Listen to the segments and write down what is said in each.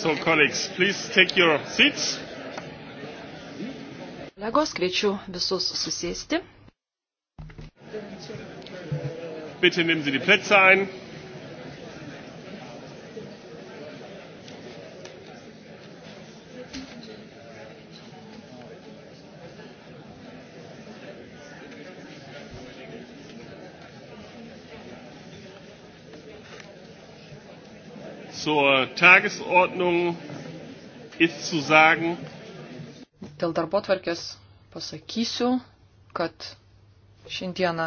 So, colleagues, please take your seats. Kolegos, kviečiu visus susėsti. Bitte nehmen Sie die Plätze ein. Tagesordnung ist zu sagen. Dėl darbotvarkės pasakysiu, kad šiandieną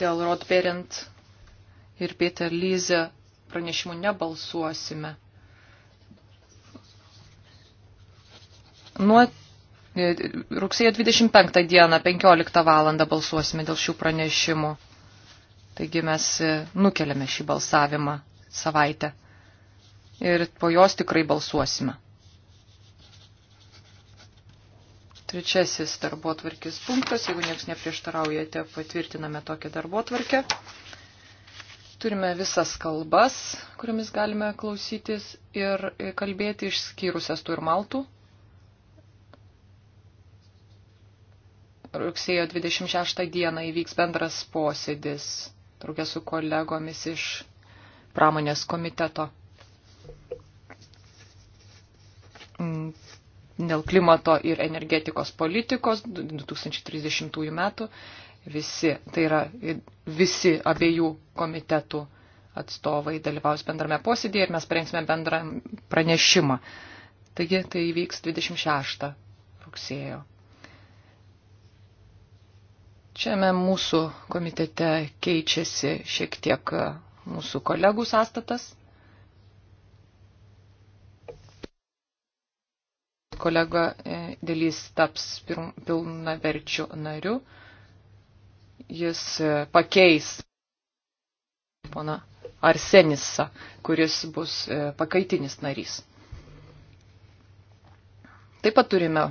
dėl Rodberint ir Peter Lyze pranešimų nebalsuosime. Nuo e, rugsėjo 25 dieną 15 val. balsuosime dėl šių pranešimų. Taigi mes e, nukeliame šį balsavimą savaitę ir po jos tikrai balsuosime. Trečiasis darbo tvarkės punktas, jeigu nieks neprieštaraujate, patvirtiname tokią darbo tvarkę. Turime visas kalbas, kuriomis galime klausytis ir e, kalbėti išskyrusias tų ir maltų. Rugsėjo 26 dieną įvyks bendras posėdis draugė su kolegomis iš pramonės komiteto. Mm, dėl klimato ir energetikos politikos 2030 metų visi, tai yra visi abiejų komitetų atstovai dalyvaus bendrame posėdėje ir mes parengsime bendrą pranešimą. Taigi tai įvyks 26 rugsėjo. Šiame mūsų komitete keičiasi šiek tiek e, mūsų kolegų sąstatas. Kolega e, Dėlys taps pilna verčių nariu. Jis e, pakeis pona Arsenisa, kuris bus pakaitinis narys. Taip pat turime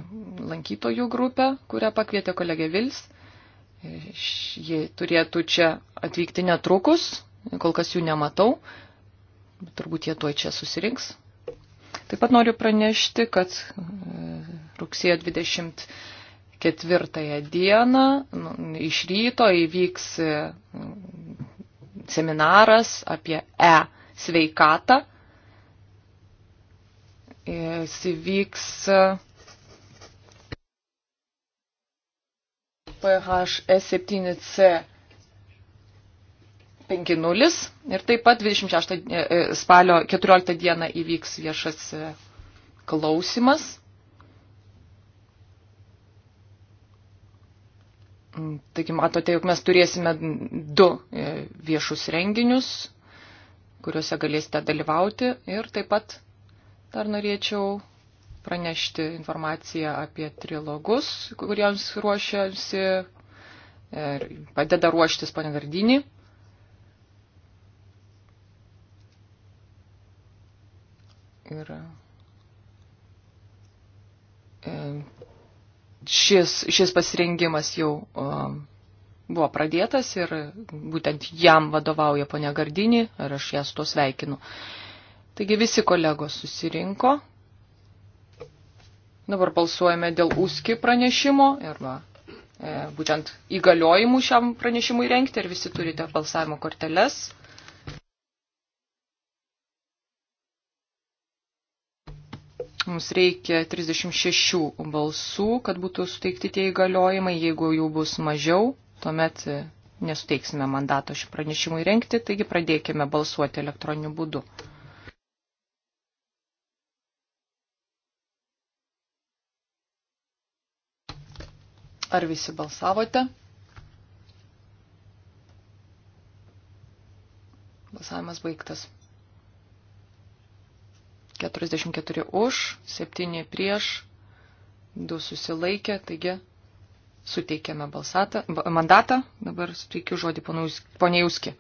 lankytojų grupę, kurią pakvietė kolegė Vils. Ji turėtų čia atvykti netrukus, kol kas jų nematau, bet turbūt jie tuoj čia susirinks. Taip pat noriu pranešti, kad e, rugsėjo 24 dieną nu, iš ryto įvyks e, seminaras apie e sveikatą. Jis įvyks e, PHS7C 5.0 ir taip pat 26 e, e, spalio 14 dieną įvyks viešas e, klausimas. Taigi matote, jog mes turėsime du viešus renginius, kuriuose galėsite dalyvauti ir taip pat dar norėčiau pranešti informaciją apie trilogus, kuriems ruošiasi ir padeda ruoštis panegardinį. Ir e, šis, šis pasirengimas jau e, buvo pradėtas ir būtent jam vadovauja ponia Gardinį ir aš ją su to sveikinu. Taigi visi kolegos susirinko, Dabar balsuojame dėl USKI pranešimo arba e, būtent įgaliojimų šiam pranešimui renkti ir visi turite balsavimo korteles. Mums reikia 36 balsų, kad būtų suteikti tie įgaliojimai. Jeigu jų bus mažiau, tuomet e, nesuteiksime mandato šį pranešimui renkti, taigi pradėkime balsuoti elektroniniu būdu. Ar visi balsavote? Balsavimas baigtas. 44 už, 7 prieš, 2 susilaikė, taigi suteikėme balsatą, mandatą. Dabar suteikiu žodį ponė Jūski.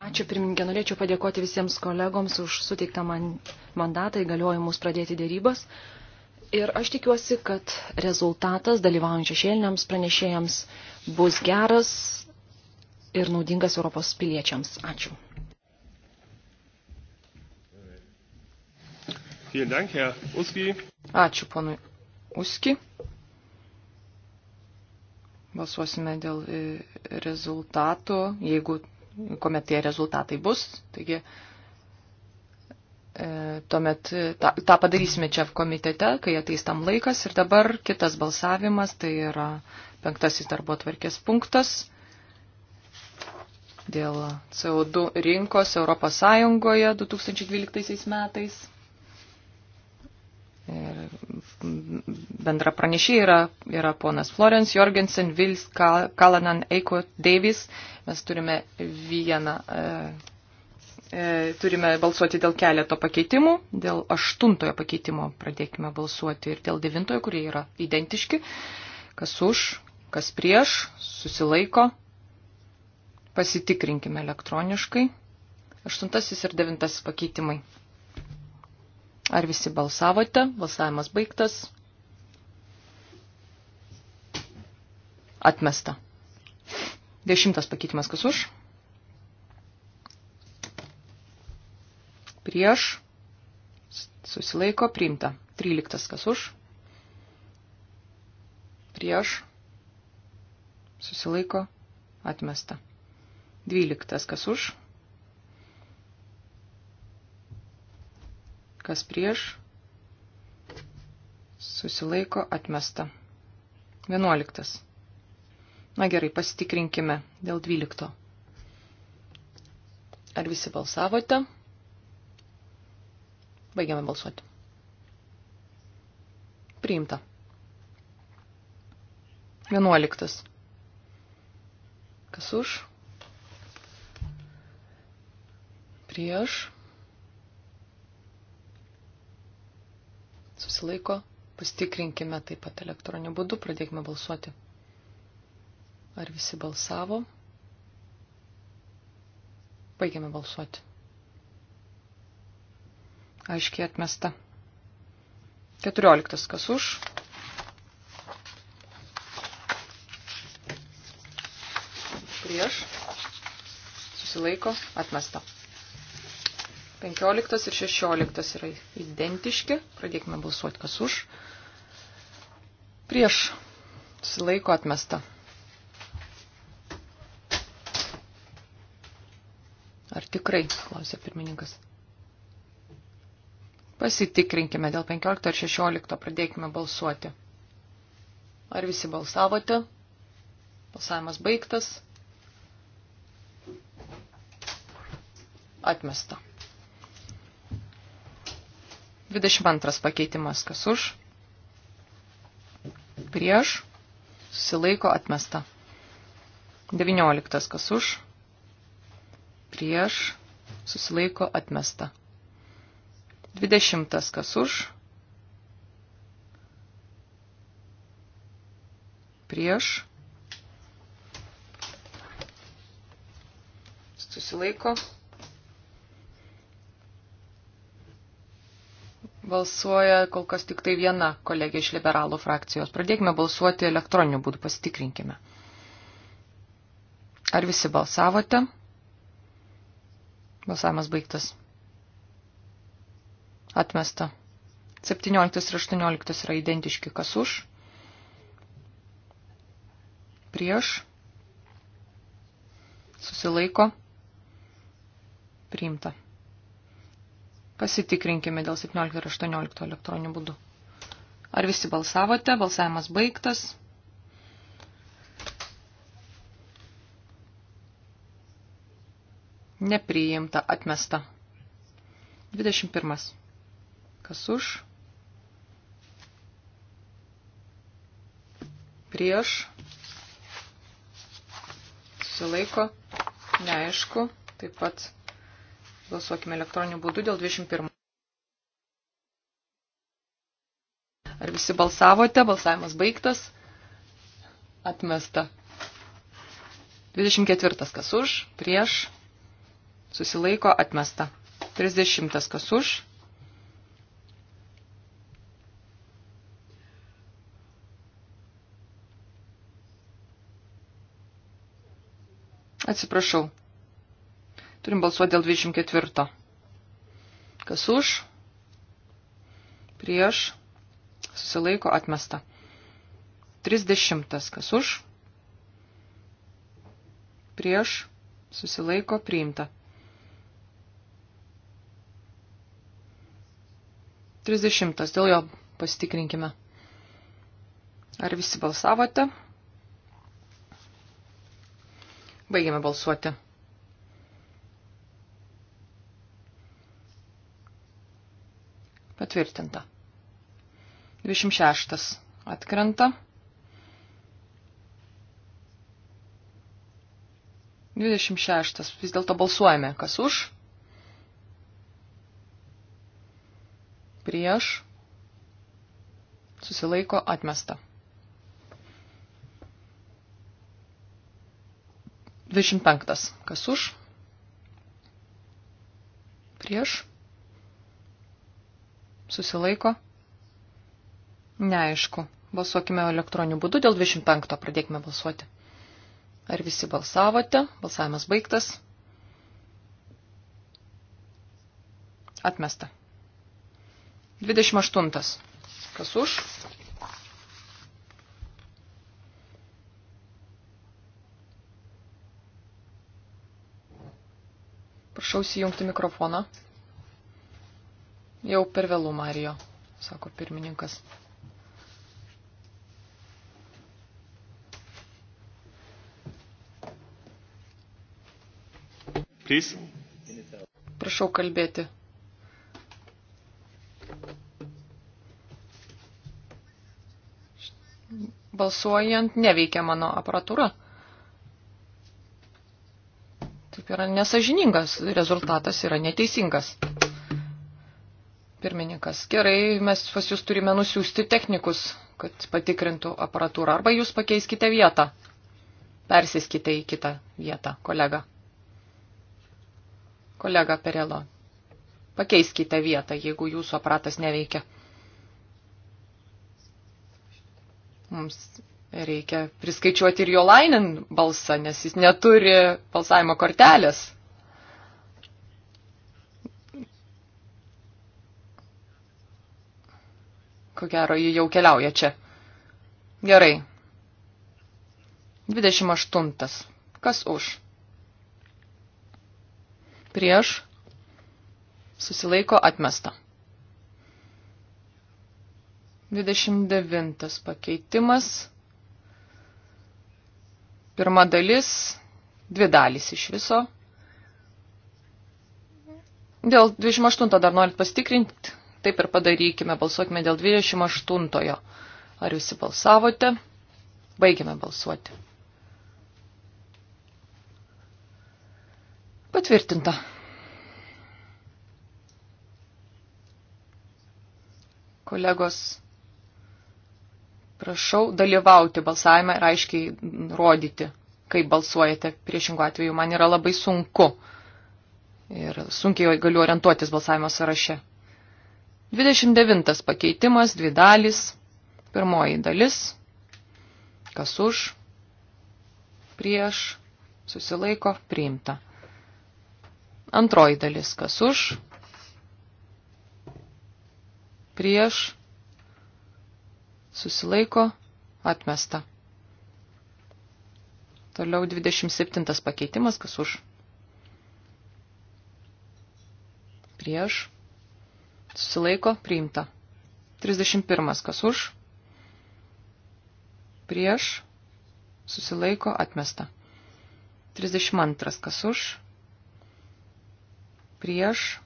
Ačiū pirmininkė, norėčiau padėkoti visiems kolegoms už suteiktą man mandatą įgaliojimus pradėti dėrybas. Ir aš tikiuosi, kad rezultatas dalyvaujant šešėliniams pranešėjams bus geras ir naudingas Europos piliečiams. Ačiū. Ačiū ponui Uski. Balsuosime dėl e, rezultato, jeigu, kuomet tie rezultatai bus. Taigi, E, tuomet tą, tą padarysime čia komitete, kai ateis tam laikas. Ir dabar kitas balsavimas, tai yra penktasis darbo tvarkės punktas dėl CO2 rinkos Europos Sąjungoje 2012 metais. Ir bendra pranešė yra, yra ponas Florence Jorgensen, Vils Kalanan, Eiko Davis. Mes turime vieną. E, E, turime balsuoti dėl keleto pakeitimų, dėl aštuntojo pakeitimo pradėkime balsuoti ir dėl devintojo, kurie yra identiški. Kas už, kas prieš, susilaiko. Pasitikrinkime elektroniškai. Aštuntasis ir devintasis pakeitimai. Ar visi balsavote? Balsavimas baigtas. Atmesta. Dešimtas pakeitimas kas už? prieš, susilaiko priimta. 13 kas už, prieš, susilaiko atmesta. 12 kas už, kas prieš, susilaiko atmesta. 11. Na gerai, pasitikrinkime dėl 12. Ar visi balsavote? Baigiame balsuoti. Priimta. Vienuoliktas. Kas už? Prieš. Susilaiko. Pastikrinkime taip pat elektroniniu būdu. Pradėkime balsuoti. Ar visi balsavo? Baigiame balsuoti aiškiai atmesta. 14. Kas už? Prieš. Susilaiko. Atmesta. 15 ir 16 yra identiški. Pradėkime balsuoti, kas už. Prieš. Susilaiko. Atmesta. Ar tikrai? Klausė pirmininkas. Pasitikrinkime dėl 15 ir 16, pradėkime balsuoti. Ar visi balsavote? Balsavimas baigtas. Atmesta. 22 pakeitimas, kas už? Prieš. Susilaiko atmesta. 19 kas už? Prieš. Susilaiko atmesta. Dvidešimtas kas už. Prieš. Susilaiko. Balsuoja kol kas tik tai viena kolegė iš liberalų frakcijos. Pradėkime balsuoti elektroniniu būdu, pasitikrinkime. Ar visi balsavote? Balsavimas baigtas. Atmesta. 17 ir 18 yra identiški. Kas už? Prieš. Susilaiko. Priimta. Pasitikrinkime dėl 17 ir 18 elektroninių būdų. Ar visi balsavote? Balsavimas baigtas. Nepriimta, atmesta. 21. Kas už? Prieš. Susilaiko. Neaišku. Taip pat balsuokime elektroniniu būdu dėl 21. Ar visi balsavote? Balsavimas baigtas. Atmesta. 24. Kas už? Prieš. Susilaiko. Atmesta. 30. Kas už? Atsiprašau. Turim balsuoti dėl 24. Kas už? Prieš. Susilaiko atmesta. 30. Kas už? Prieš. Susilaiko priimta. 30. Dėl jo pasitikrinkime. Ar visi balsavote? Baigiame balsuoti. Patvirtinta. 26. Atkrenta. 26. Vis dėlto balsuojame. Kas už? Prieš. Susilaiko atmesta. 25. Kas už? Prieš? Susilaiko? Neaišku. Balsuokime elektroniniu būdu dėl 25. Pradėkime balsuoti. Ar visi balsavote? Balsavimas baigtas. Atmesta. 28. Kas už? Prašau įjungti mikrofoną. Jau per vėlų, Marijo, sako pirmininkas. Please. Prašau kalbėti. Balsuojant neveikia mano aparatūra šiaip yra nesažiningas, rezultatas yra neteisingas. Pirmininkas, gerai, mes pas jūs turime nusiųsti technikus, kad patikrintų aparatūrą, arba jūs pakeiskite vietą, persiskite į kitą vietą, kolega. Kolega Perelo, pakeiskite vietą, jeigu jūsų aparatas neveikia. Mums Reikia priskaičiuoti ir jo lainin balsą, nes jis neturi balsavimo kortelės. Ko gero, jį jau keliauja čia. Gerai. 28. Kas už? Prieš. Susilaiko atmesta. 29. Pakeitimas. Pirma dalis, dvi dalys iš viso. Dėl 28 dar norit pastikrinti, taip ir padarykime, balsuokime dėl 28. -ojo. Ar visi balsavote? Baigime balsuoti. Patvirtinta. Kolegos, prašau dalyvauti balsavime ir aiškiai rodyti, kaip balsuojate. Priešingų atveju man yra labai sunku ir sunkiai galiu orientuotis balsavimo sąraše. 29 pakeitimas, dvi dalys, pirmoji dalis, kas už, prieš, susilaiko, priimta. Antroji dalis, kas už, prieš, susilaiko, atmesta. Toliau 27 pakeitimas, kas už. Prieš, susilaiko, priimta. 31 kas už. Prieš, susilaiko, atmesta. 32 kas už, prieš,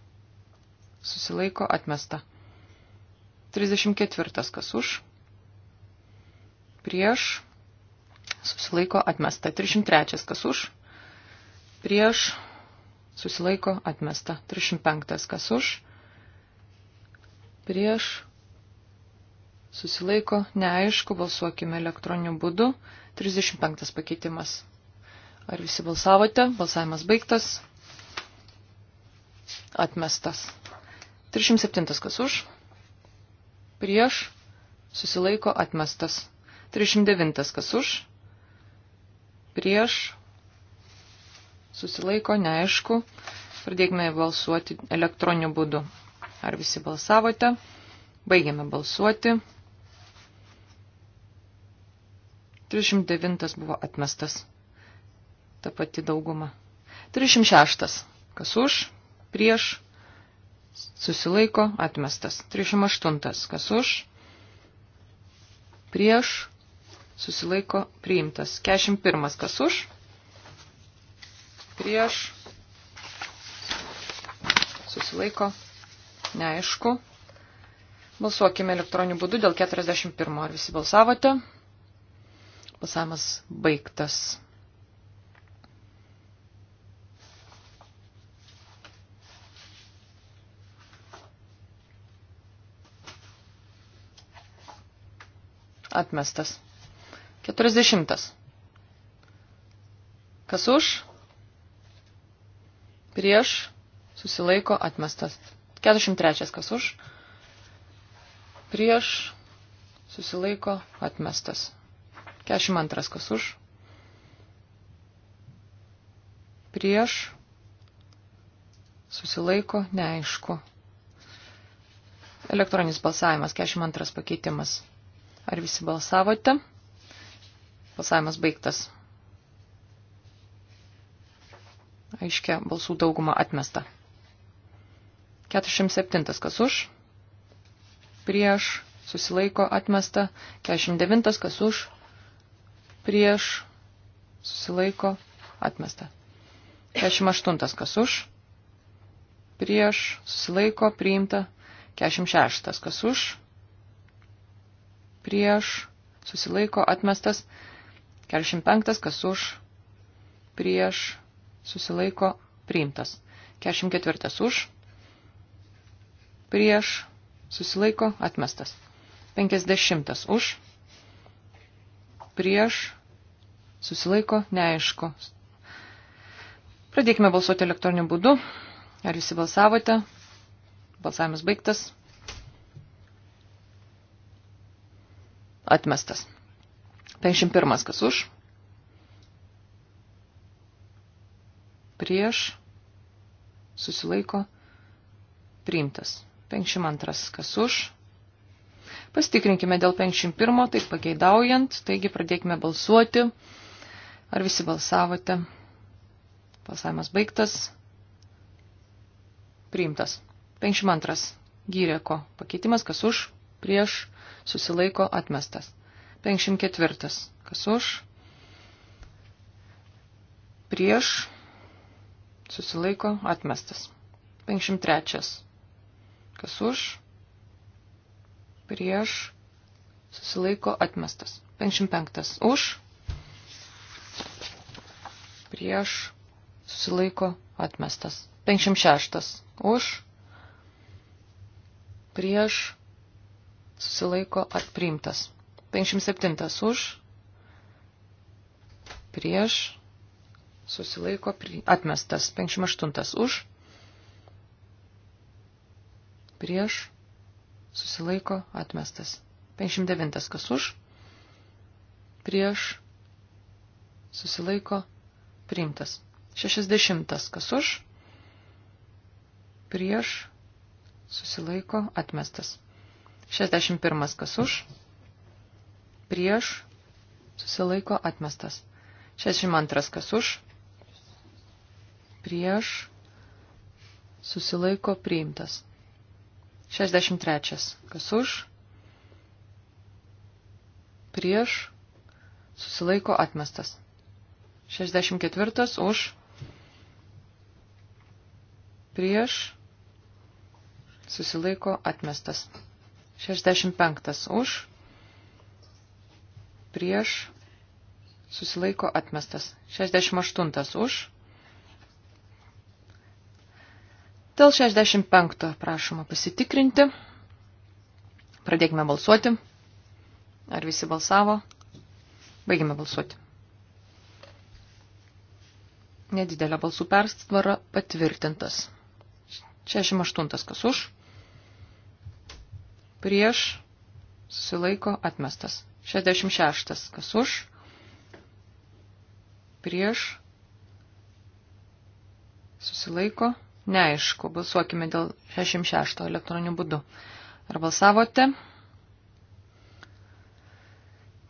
susilaiko, atmesta. 34 kas už, prieš, susilaiko atmesta. 303 kas už, prieš, susilaiko atmesta. 305 kas už, prieš, susilaiko neaišku, balsuokime elektroniniu būdu. 35 pakeitimas. Ar visi balsavote? Balsavimas baigtas. Atmestas. 307 kas už. Prieš. Susilaiko atmestas. 39 kas už, prieš, susilaiko, neaišku. Pradėkime balsuoti elektroniniu būdu. Ar visi balsavote? Baigiame balsuoti. 309 buvo atmestas. Ta pati dauguma. 306. Kas už, prieš, susilaiko, atmestas. 308. Kas už, prieš, susilaiko priimtas. 41 kas už, prieš, susilaiko, neaišku. Balsuokime elektroniniu būdu dėl 41. Ar visi balsavote? Balsavimas baigtas. Atmestas. 40. Kas už? Prieš susilaiko atmestas. 43. Kas už? Prieš susilaiko atmestas. 42. Kas už? Prieš susilaiko neaišku. Elektroninis balsavimas, 42 pakeitimas. Ar visi balsavote? Balsavimas baigtas. Aiškia, balsų dauguma atmesta. 47. Kas už? Prieš. Susilaiko atmesta. 49. Kas už? Prieš. Susilaiko atmesta. 48. Kas už? Prieš. Susilaiko priimta. 46. Kas už? Prieš. Susilaiko atmestas. 45, kas už, prieš, susilaiko, priimtas. 44 už, prieš, susilaiko, atmestas. 50 už, prieš, susilaiko, neaišku. Pradėkime balsuoti elektroniniu būdu. Ar visi balsavote? Balsavimas baigtas. Atmestas. 51 kas už. Prieš susilaiko priimtas. 52 kas už. Pastikrinkime dėl 51, taip pageidaujant, taigi pradėkime balsuoti. Ar visi balsavote? Balsavimas baigtas. Priimtas. 52. Gyrėko pakeitimas, kas už, prieš, susilaiko, atmestas. 54. Kas už? Prieš. Susilaiko. Atmestas. 53. Kas už? Prieš. Susilaiko. Atmestas. 55. Už. Prieš. Susilaiko. Atmestas. 56. Už. Prieš. Susilaiko. Atprimtas. 57 už, prieš, susilaiko, atmestas. 58 už, prieš, susilaiko, atmestas. 59 kas už, prieš, susilaiko, priimtas. 60 kas už, prieš, susilaiko, atmestas. 61 kas už, prieš, prieš, susilaiko atmestas. 62 kas už, prieš, susilaiko priimtas. 63 kas už, prieš, susilaiko atmestas. 64 už, prieš, susilaiko atmestas. 65 už, prieš, susilaiko atmestas. 68 už. Dėl 65 prašoma pasitikrinti. Pradėkime balsuoti. Ar visi balsavo? Baigime balsuoti. Nedidelė balsų perstvara patvirtintas. 68 kas už. Prieš susilaiko atmestas. 66. Kas už? Prieš? Susilaiko? Neaišku. Balsuokime dėl 66 elektroninių būdų. Ar balsavote?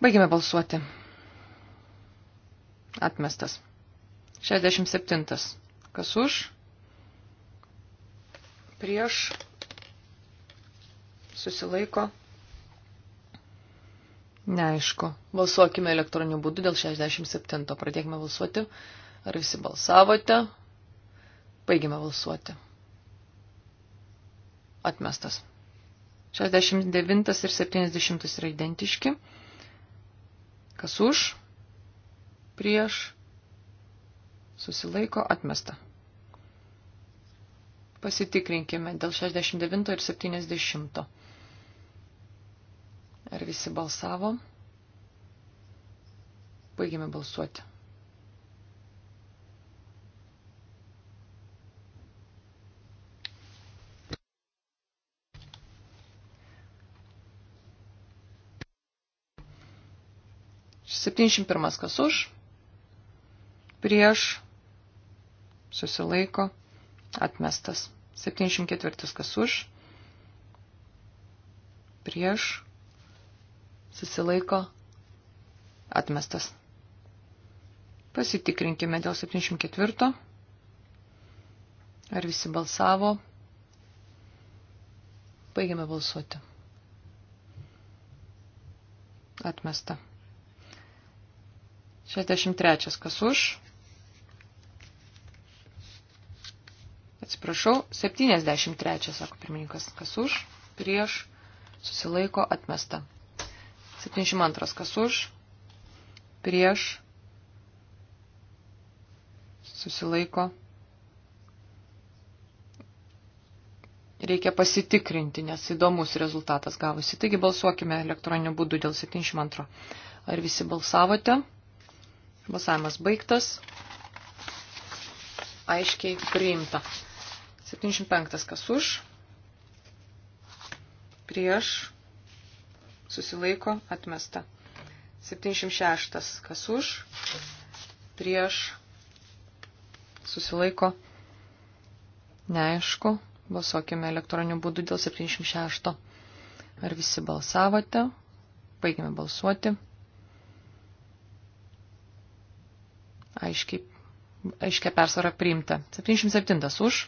Baigime balsuoti. Atmestas. 67. Kas už? Prieš? Susilaiko? Neaišku. Balsuokime elektroniniu būdu dėl 67. Pradėkime balsuoti. Ar visi balsavote? Baigime balsuoti. Atmestas. 69 ir 70 yra identiški. Kas už? Prieš? Susilaiko atmesta. Pasitikrinkime dėl 69 ir 70. Ar visi balsavo? Baigėme balsuoti. Septyniasdešimt pirmas kas už, prieš, susilaiko, atmestas. Septyniasdešimt ketvirtas kas už, prieš, susilaiko, atmestas. Pasitikrinkime dėl 74. Ar visi balsavo? Baigiame balsuoti. Atmesta. 63. Kas už? Atsiprašau, 73, sako pirmininkas. Kas už? Prieš? Susilaiko atmesta. 72. Kas už? Prieš? Susilaiko? Reikia pasitikrinti, nes įdomus rezultatas gavosi. Taigi balsuokime elektroniniu būdu dėl 72. Ar visi balsavote? Balsavimas baigtas. Aiškiai priimta. 75. Kas už? Prieš? susilaiko atmesta. 76. Kas už, prieš, susilaiko, neaišku, balsuokime elektroniniu būdu dėl 76. Ar visi balsavote? Baigime balsuoti. Aiškiai, aiškia persvara priimta. 77 už,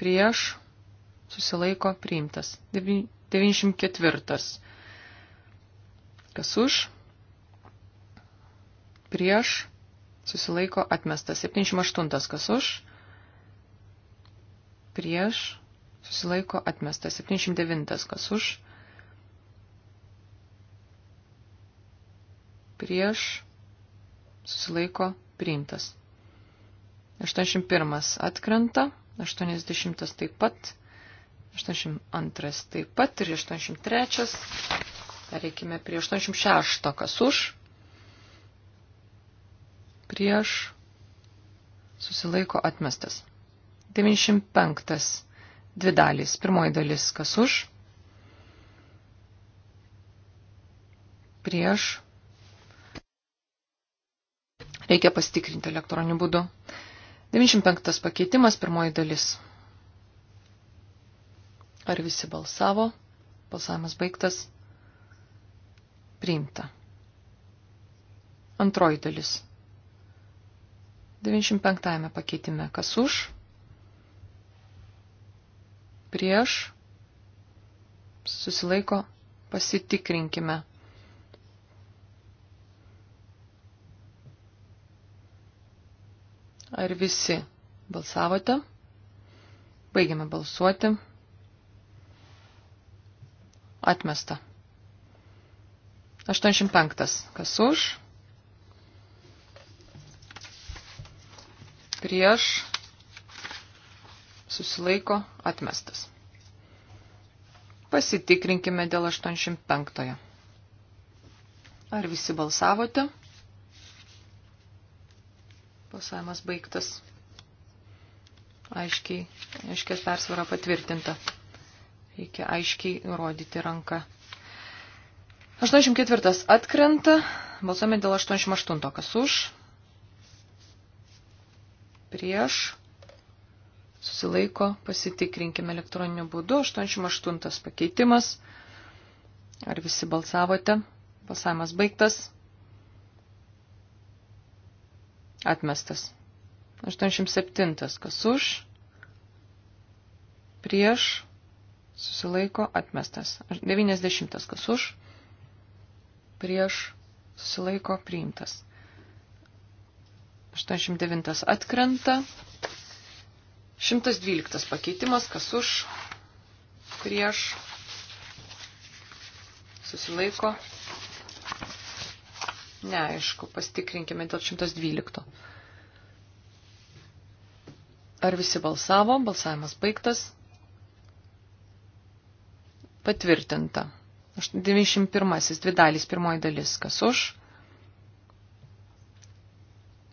prieš, susilaiko, priimtas. 9 94. Kas už? Prieš susilaiko atmestas. 78. Kas už? Prieš susilaiko atmestas. 79. Kas už? Prieš susilaiko priimtas. 81. Atkrenta. 80. Taip pat. 82 taip pat ir 83. Pereikime prie 86. Kas už? Prieš. Susilaiko atmestas. 95. Dvi dalys. Pirmoji dalis. Kas už? Prieš. Reikia pasitikrinti elektroniniu būdu. 95 pakeitimas, pirmoji dalis. Ar visi balsavo? Balsavimas baigtas. Priimta. Antroji dalis. 95 pakeitime. Kas už? Prieš? Susilaiko? Pasitikrinkime. Ar visi balsavote? Baigiame balsuoti. Atmesta. 85. Kas už? Prieš. Susilaiko. Atmestas. Pasitikrinkime dėl 85. Ar visi balsavote? Balsavimas baigtas. Aiškiai, aiškės persvara patvirtinta. Reikia aiškiai nurodyti ranką. 84 atkrenta. Balsuojame dėl 88. Kas už? Prieš. Susilaiko. Pasitikrinkime elektroniniu būdu. 88 pakeitimas. Ar visi balsavote? Balsavimas baigtas. Atmestas. 87. Kas už? Prieš susilaiko atmestas. 90 kas už, prieš susilaiko priimtas. 89 atkrenta. 112 pakeitimas, kas už, prieš susilaiko. Neaišku, pastikrinkime dėl 112. Ar visi balsavo? Balsavimas baigtas. Patvirtinta. 91. Dvi dalys. Pirmoji dalis. Kas už?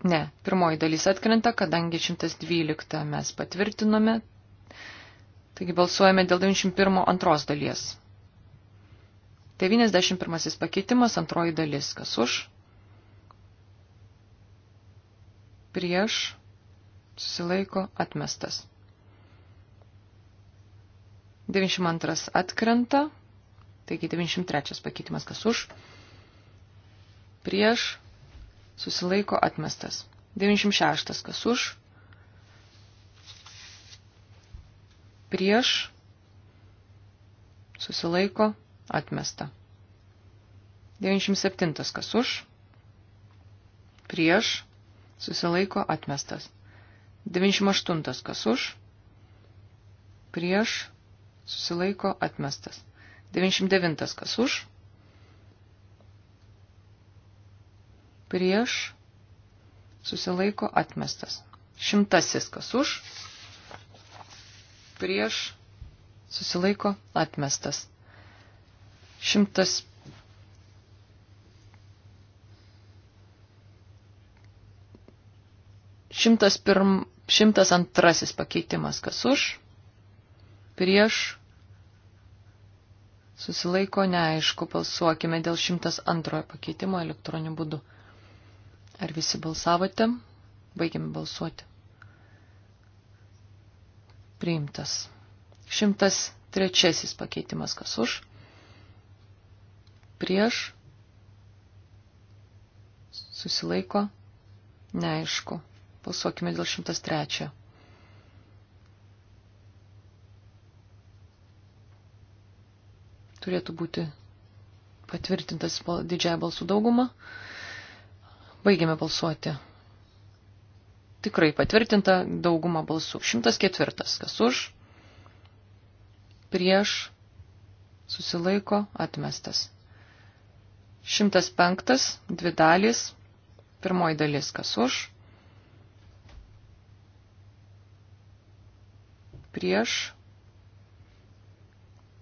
Ne. Pirmoji dalis atkrenta, kadangi 112 mes patvirtinome. Taigi balsuojame dėl 91 antros dalies. 91 pakeitimas, antroji dalis. Kas už? Prieš. Susilaiko atmestas. 92 atkrenta, taigi 93 pakeitimas kas už, prieš, susilaiko atmestas. 96 kas už, prieš, susilaiko atmesta. 97 kas už, prieš, susilaiko atmestas. 98 kas už, prieš, susilaiko atmestas. 99 kas už, prieš, susilaiko atmestas. Šimtasis kas už, prieš, susilaiko atmestas. Šimtas. Šimtas, pirm, šimtas antrasis pakeitimas kas už, prieš, Susilaiko neaišku, balsuokime dėl 102 pakeitimo elektroniniu būdu. Ar visi balsavote? Baigiame balsuoti. Priimtas. 103 pakeitimas kas už? Prieš? Susilaiko? Neaišku. Balsuokime dėl 103. turėtų būti patvirtintas didžiąją balsų daugumą. Baigiame balsuoti. Tikrai patvirtinta dauguma balsų. 104. Kas už? Prieš. Susilaiko. Atmestas. 105. Dvi dalys. Pirmoji dalis. Kas už? Prieš.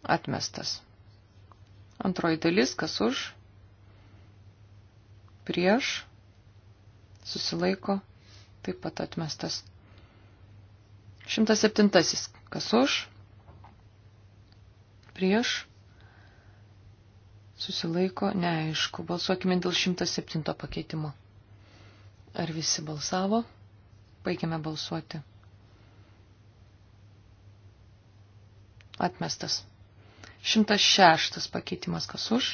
Atmestas. Antroji dalis, kas už, prieš, susilaiko, taip pat atmestas. 107. Kas už, prieš, susilaiko, neaišku. Balsuokime dėl 107 pakeitimo. Ar visi balsavo? Baigiame balsuoti. Atmestas. 106 pakeitimas kas už,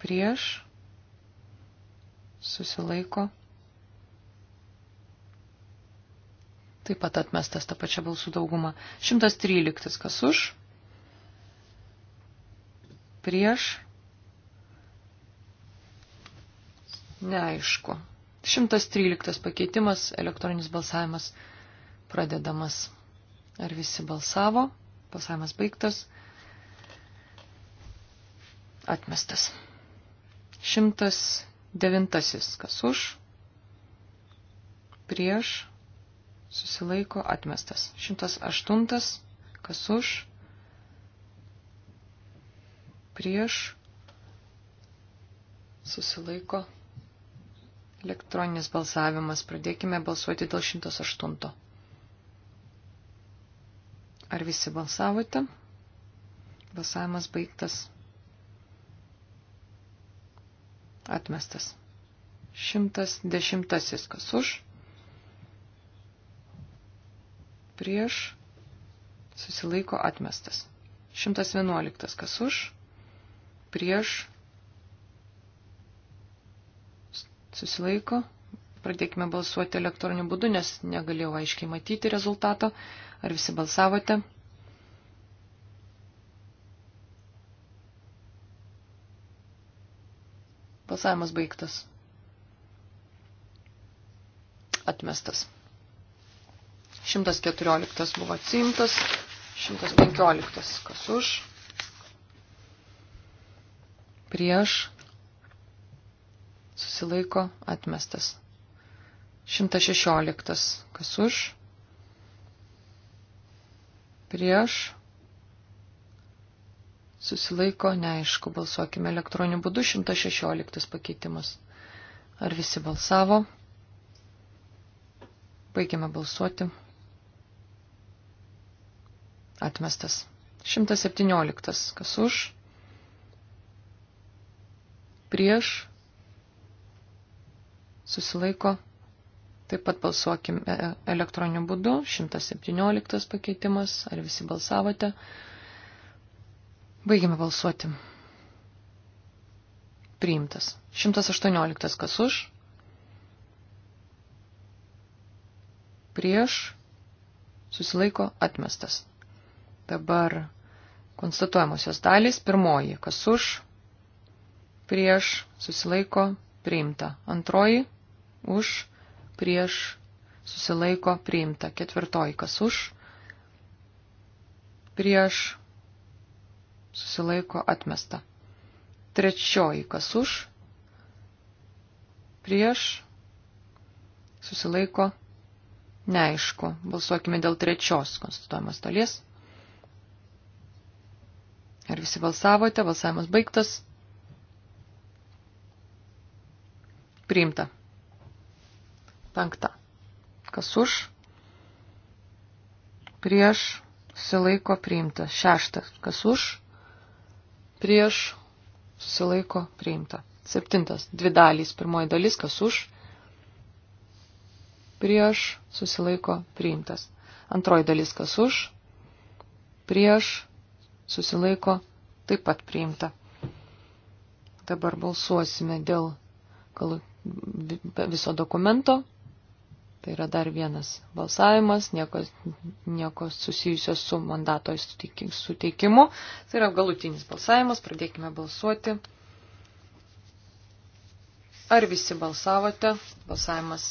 prieš, susilaiko. Taip pat atmestas tą pačią balsų daugumą. 113 kas už, prieš, neaišku. 113 pakeitimas, elektroninis balsavimas pradedamas. Ar visi balsavo? Balsavimas baigtas. Atmestas. 109. Kas už? Prieš. Susilaiko. Atmestas. 108. Kas už? Prieš. Susilaiko. Elektroninis balsavimas. Pradėkime balsuoti dėl 108. Ar visi balsavote? Balsavimas baigtas. Atmestas. Šimtas dešimtasis kas už. Prieš. Susilaiko atmestas. Šimtas vienuoliktas kas už. Prieš. Susilaiko. Pradėkime balsuoti elektroniniu būdu, nes negalėjau aiškiai matyti rezultato. Ar visi balsavote? Balsavimas baigtas. Atmestas. 114 buvo atsimtas, 115 kas už, prieš, susilaiko atmestas. 116 kas už, prieš, susilaiko neaišku, balsuokime elektroniniu būdu 116 pakeitimas. Ar visi balsavo? Baigiame balsuoti. Atmestas. 117. Kas už? Prieš. Susilaiko. Taip pat balsuokime e, elektroniniu būdu. 117 pakeitimas. Ar visi balsavote? Baigime balsuoti. Priimtas. 118 kas už? Prieš. Susilaiko atmestas. Dabar konstatuojamosios dalys. Pirmoji kas už? Prieš. Susilaiko priimta. Antroji už prieš, susilaiko priimta. Ketvirtoji, kas už, prieš, susilaiko atmesta. Trečioji, kas už, prieš, susilaiko neaišku. Balsuokime dėl trečios konstatuojamos dalies. Ar visi balsavote? Balsavimas baigtas. Priimta penkta. Kas už? Prieš susilaiko priimta. Šeštas. Kas už? Prieš susilaiko priimta. Septintas. Dvi dalys. Pirmoji dalis. Kas už? Prieš susilaiko priimtas. Antroji dalis. Kas už? Prieš susilaiko taip pat priimta. Dabar balsuosime dėl galu, viso dokumento Tai yra dar vienas balsavimas, nieko, nieko susijusios su mandato suteikimu. Tai yra galutinis balsavimas, pradėkime balsuoti. Ar visi balsavote? Balsavimas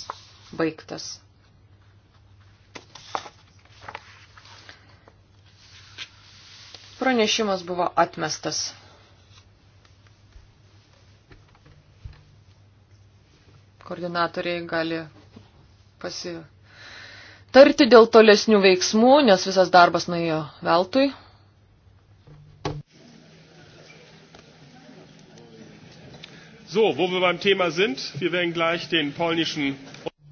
baigtas. Pranešimas buvo atmestas. Koordinatoriai gali pasitarti dėl tolesnių veiksmų, nes visas darbas nuėjo veltui. So, wo wir beim Thema sind, wir werden gleich den polnischen.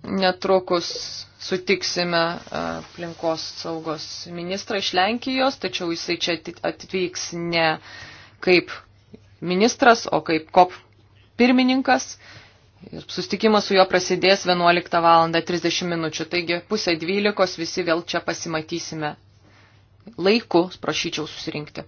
Netrukus sutiksime e, aplinkos saugos ministrą iš Lenkijos, tačiau jisai čia atvyks ne kaip ministras, o kaip kop pirmininkas. Ir sustikimas su juo prasidės 11 val. 30 minučių, taigi pusę 12 visi vėl čia pasimatysime. Laiku prašyčiau susirinkti.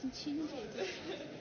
that's in Chinese.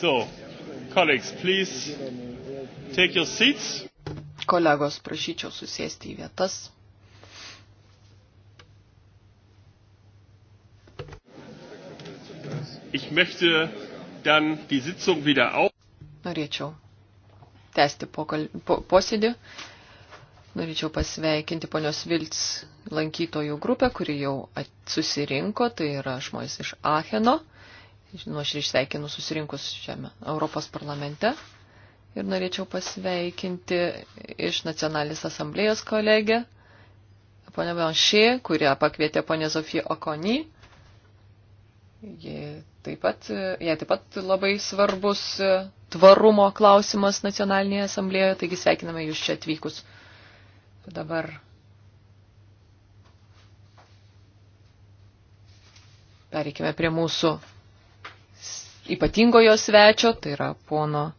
So, colleagues, please take your seats. Kolegos, prašyčiau susėsti į vietas. Ich möchte dann die Sitzung wieder auf. Norėčiau tęsti pokal... po, posėdį. Norėčiau pasveikinti ponios Vilts lankytojų grupę, kuri jau susirinko, tai yra žmonės iš Acheno nuoširdžiai sveikinu susirinkus šiame Europos parlamente ir norėčiau pasveikinti iš nacionalinės asamblėjos kolegę, ponę Banšė, kurią pakvietė ponė Zofija Okony. Jie taip pat, jie taip pat labai svarbus tvarumo klausimas nacionalinėje asamblėje, taigi sveikiname jūs čia atvykus. Dabar Pereikime prie mūsų ypatingojo svečio, tai yra pono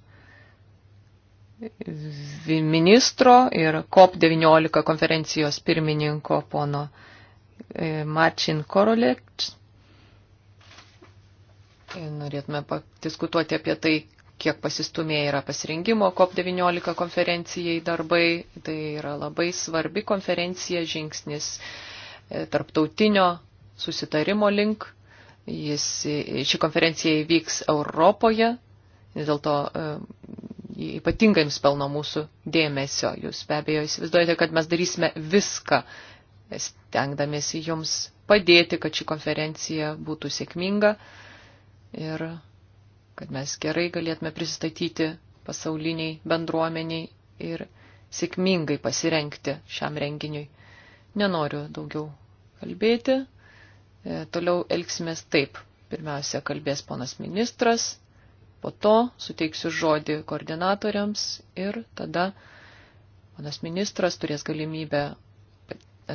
ministro ir COP19 konferencijos pirmininko pono e, Marcin Korolekč. Norėtume diskutuoti apie tai, kiek pasistumėję yra pasirinkimo COP19 konferencijai darbai. Tai yra labai svarbi konferencija, žingsnis e, tarptautinio susitarimo link Jis, ši konferencija įvyks Europoje, dėl to e, ypatingai nusipelno mūsų dėmesio. Jūs be abejo įsivaizduojate, kad mes darysime viską, stengdamėsi jums padėti, kad ši konferencija būtų sėkminga ir kad mes gerai galėtume pristatyti pasauliniai bendruomeniai ir sėkmingai pasirenkti šiam renginiui. Nenoriu daugiau kalbėti. E, toliau elgsimės taip. Pirmiausia, kalbės ponas ministras, po to suteiksiu žodį koordinatoriams ir tada ponas ministras turės galimybę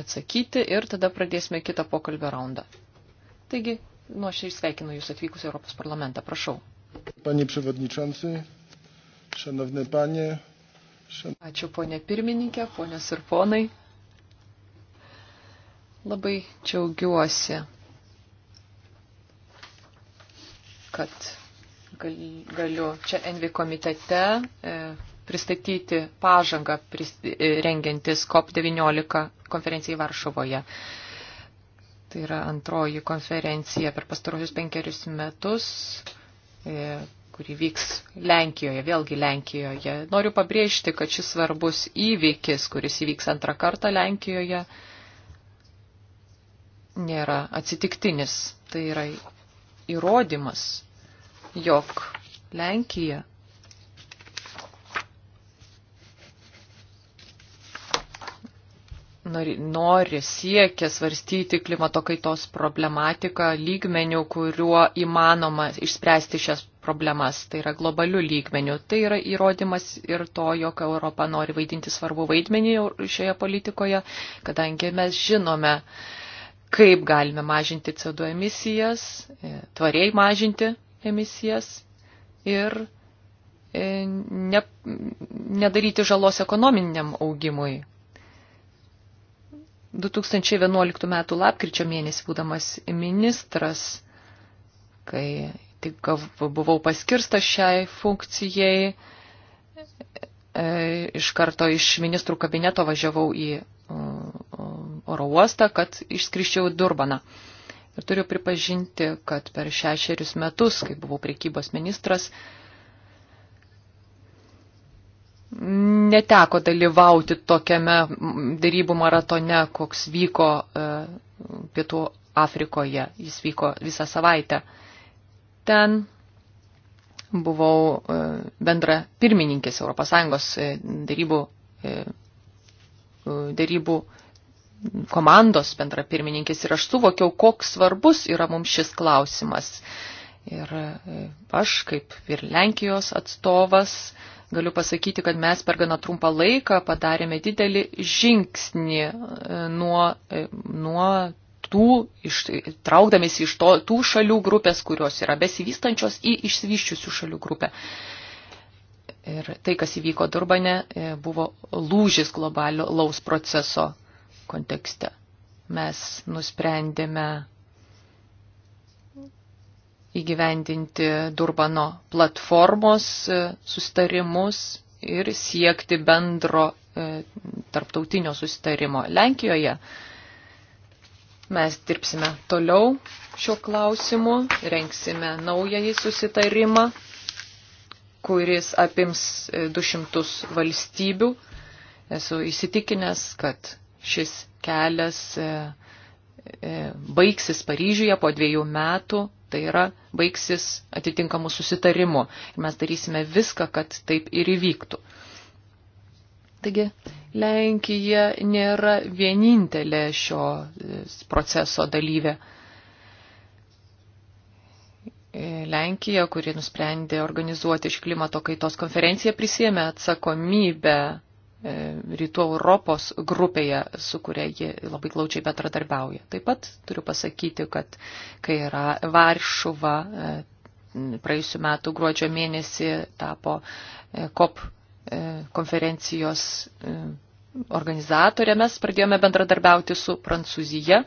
atsakyti ir tada pradėsime kitą pokalbio raundą. Taigi, nuoširdžiai sveikinu Jūs atvykus į Europos parlamentą. Prašau. Panie Przewodniczący, Szanowne Panie. Šan... Ačiū ponė pirmininkė, ponės ir ponai. Labai džiaugiuosi kad galiu čia Envi komitete e, pristatyti pažangą e, rengiantis COP19 konferencijai Varšuvoje. Tai yra antroji konferencija per pastarosius penkerius metus, e, kuri vyks Lenkijoje, vėlgi Lenkijoje. Noriu pabrėžti, kad šis svarbus įvykis, kuris įvyks antrą kartą Lenkijoje, nėra atsitiktinis. Tai yra įrodymas jog Lenkija nori, nori siekia svarstyti klimato kaitos problematiką lygmenių, kuriuo įmanoma išspręsti šias problemas, tai yra globalių lygmenių. Tai yra įrodymas ir to, jog Europa nori vaidinti svarbu vaidmenį šioje politikoje, kadangi mes žinome, kaip galime mažinti CO2 emisijas, tvariai mažinti emisijas ir e, ne, nedaryti žalos ekonominiam augimui. 2011 m. lapkričio mėnesį, būdamas ministras, kai tik buvau paskirsta šiai funkcijai, e, iš karto iš ministrų kabineto važiavau į e, oro uostą, kad išskriščiau Durbaną. Ir turiu pripažinti, kad per šešerius metus, kai buvau priekybos ministras, neteko dalyvauti tokiame dėrybų maratone, koks vyko e, Pietų Afrikoje. Jis vyko visą savaitę. Ten buvau e, bendra pirmininkės ES e, dėrybų, dėrybų komandos bendra pirmininkis ir aš suvokiau, koks svarbus yra mums šis klausimas. Ir e, aš, kaip ir Lenkijos atstovas, galiu pasakyti, kad mes per gana trumpą laiką padarėme didelį žingsnį e, nuo, e, nuo tų, iš, traukdamėsi iš to, tų šalių grupės, kurios yra besivystančios į išsivyščiusių šalių grupę. Ir tai, kas įvyko Durbane, buvo lūžis globaliaus proceso kontekste. Mes nusprendėme įgyvendinti Durbano platformos e, sustarimus ir siekti bendro e, tarptautinio sustarimo Lenkijoje. Mes dirbsime toliau šiuo klausimu, renksime naująjį susitarimą, kuris apims 200 e, valstybių. Esu įsitikinęs, kad šis kelias e, e, baigsis Paryžiuje po dviejų metų, tai yra baigsis atitinkamų susitarimų. Ir mes darysime viską, kad taip ir įvyktų. Taigi, Lenkija nėra vienintelė šio e, proceso dalyvė. Lenkija, kuri nusprendė organizuoti iš klimato kaitos konferenciją, prisėmė atsakomybę E, rytų Europos grupėje, su kuria ji labai glaučiai bendradarbiauja. Taip pat turiu pasakyti, kad kai yra Varšuva e, praėjusiu metu gruodžio mėnesį tapo e, COP konferencijos organizatorė, mes pradėjome bendradarbiauti su Prancūzija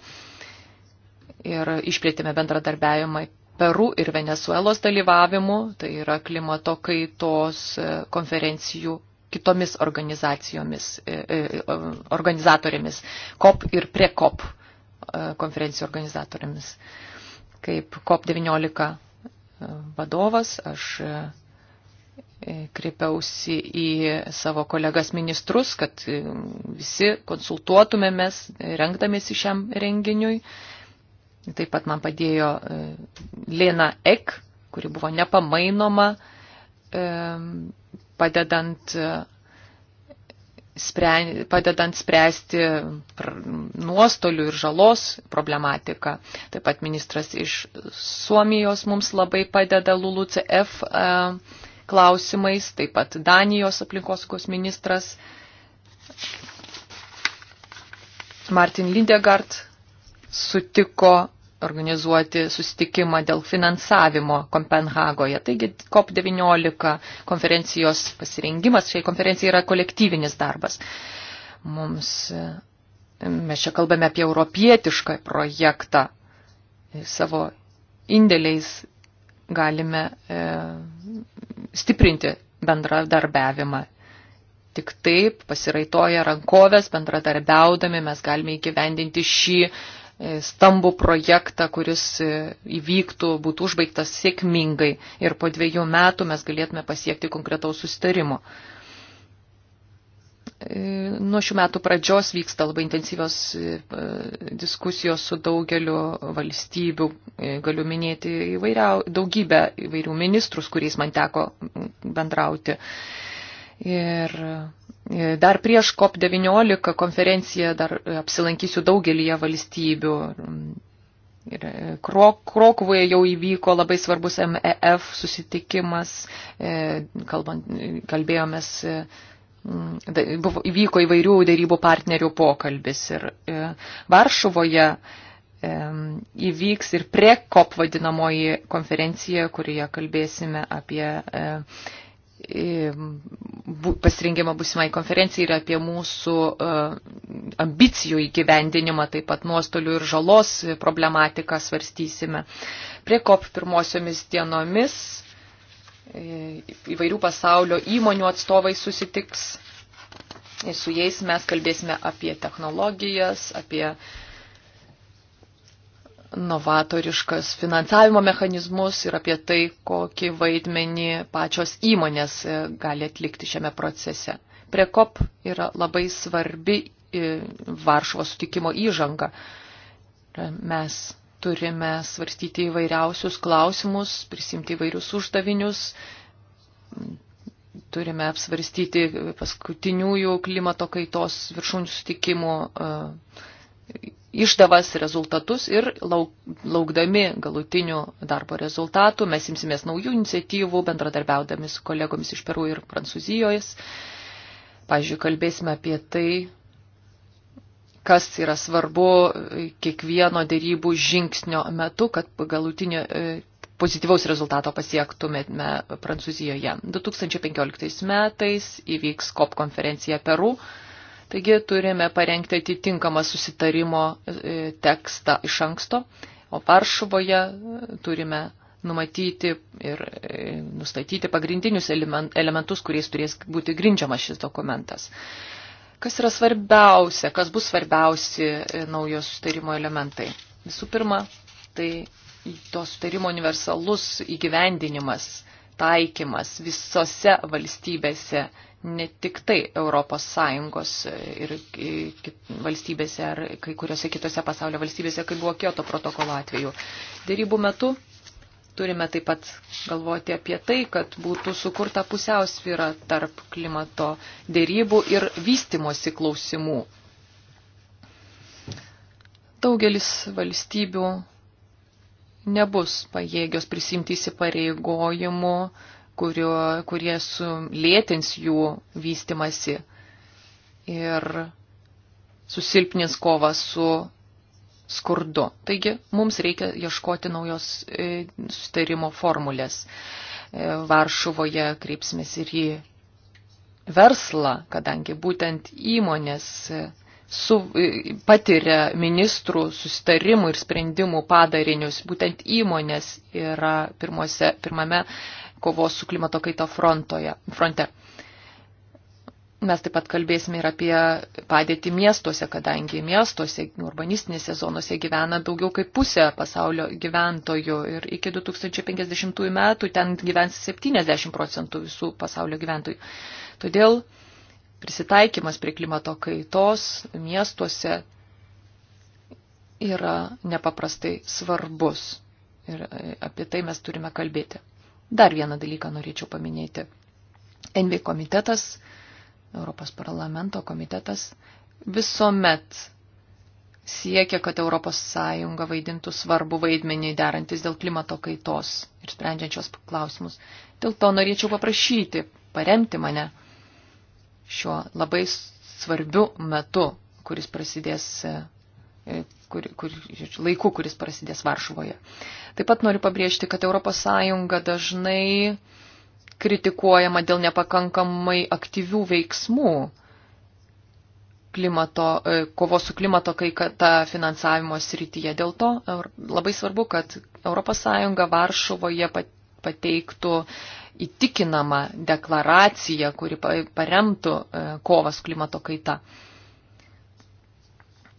ir išplėtėme bendradarbiavimą Peru ir Venezuelos dalyvavimu, tai yra klimato kaitos konferencijų kitomis organizacijomis, e, e, organizatorėmis, COP ir prie COP e, konferencijų organizatorėmis. Kaip COP19 vadovas aš kreipiausi į savo kolegas ministrus, kad visi konsultuotumėmės, rengdamėsi šiam renginiui. Taip pat man padėjo Lena Ek, kuri buvo nepamainoma padedant, e, spre, padedant spręsti nuostolių ir žalos problematiką. Taip pat ministras iš Suomijos mums labai padeda LULUCF e, klausimais, taip pat Danijos aplinkosaugos ministras Martin Lindegard sutiko organizuoti susitikimą dėl finansavimo Kopenhagoje. Taigi COP19 konferencijos pasirengimas, šiai konferencijai yra kolektyvinis darbas. Mums, mes čia kalbame apie europietišką projektą. Savo indėliais galime e, stiprinti bendradarbiavimą Tik taip pasiraitoja rankovės, bendradarbiaudami mes galime įgyvendinti šį stambų projektą, kuris įvyktų, būtų užbaigtas sėkmingai ir po dviejų metų mes galėtume pasiekti konkretaus sustarimo. Nuo šių metų pradžios vyksta labai intensyvios e, diskusijos su daugeliu valstybių. E, galiu minėti įvairiau, daugybę įvairių ministrus, kuriais man teko bendrauti. Ir E, dar prieš COP19 konferenciją dar apsilankysiu daugelyje valstybių. Ir e, Krokuvoje jau įvyko labai svarbus MEF susitikimas, e, kalbant, kalbėjomės, buvo, įvyko įvairių dėrybų partnerių pokalbis. Ir Varšuvoje įvyks ir prekop vadinamoji konferencija, kurioje kalbėsime apie pasirengimą būsimai konferencijai ir apie mūsų e, ambicijų įgyvendinimą, taip pat nuostolių ir žalos problematiką svarstysime. Prie COP pirmosiomis dienomis e, įvairių pasaulio įmonių atstovai susitiks ir su jais mes kalbėsime apie technologijas, apie uh, novatoriškas finansavimo mechanizmus ir apie tai, kokį vaidmenį pačios įmonės e, gali atlikti šiame procese. Prekop yra labai svarbi e, Varšuvos sutikimo įžanga. E, mes turime svarstyti įvairiausius klausimus, prisimti įvairius uždavinius, turime apsvarstyti paskutiniųjų klimato kaitos viršūnių sutikimų išdavas, rezultatus ir lauk, laukdami galutinių darbo rezultatų mes imsimės naujų iniciatyvų, bendradarbiaudami su kolegomis iš Peru ir Prancūzijos. Pavyzdžiui, kalbėsime apie tai, kas yra svarbu kiekvieno dėrybų žingsnio metu, kad galutinio e, pozityvaus rezultato pasiektumėme Prancūzijoje. 2015 metais įvyks COP konferencija Peru. Taigi turime parengti atitinkamą susitarimo e, tekstą iš anksto, o Varšuvoje e, turime numatyti ir e, nustatyti pagrindinius elementus, kuriais turės būti grindžiamas šis dokumentas. Kas yra svarbiausia, kas bus svarbiausi naujo sutarimo elementai? Visų pirma, tai to sutarimo universalus įgyvendinimas, taikymas visose valstybėse ne tik tai Europos Sąjungos ir valstybėse ar kai kuriuose kitose pasaulio valstybėse, kai buvo Kyoto protokolo atveju. Dėrybų metu turime taip pat galvoti apie tai, kad būtų sukurta pusiausvyra tarp klimato dėrybų ir vystimosi klausimų. Daugelis valstybių nebus pajėgios prisimti įsipareigojimų kurio, kurie sulėtins jų vystimasi ir susilpnins kovą su skurdu. Taigi mums reikia ieškoti naujos e, sustarimo formulės. E, Varšuvoje kreipsimės ir į verslą, kadangi būtent įmonės e, su, patiria ministrų sustarimų ir sprendimų padarinius. Būtent įmonės yra pirmose, pirmame kovos su klimato kaita frontoje, fronte. Mes taip pat kalbėsime ir apie padėtį miestuose, kadangi miestuose, urbanistinėse zonose gyvena daugiau kaip pusė pasaulio gyventojų ir iki 2050 metų ten gyvens 70 procentų visų pasaulio gyventojų. Todėl prisitaikymas prie klimato kaitos miestuose yra nepaprastai svarbus ir apie tai mes turime kalbėti. Dar vieną dalyką norėčiau paminėti. NV komitetas, Europos parlamento komitetas, visuomet siekia, kad ES vaidintų svarbu vaidmenį derantis dėl klimato kaitos ir sprendžiančios klausimus. Dėl to norėčiau paprašyti, paremti mane šiuo labai svarbiu metu, kuris prasidės E, kur, kur, laiku, kuris prasidės Varšuvoje. Taip pat noriu pabrėžti, kad ES dažnai kritikuojama dėl nepakankamai aktyvių veiksmų klimato, e, kovos su klimato kaita finansavimo srityje. Dėl to labai svarbu, kad ES Varšuvoje pateiktų įtikinamą deklaraciją, kuri paremtų e, kovas klimato kaita.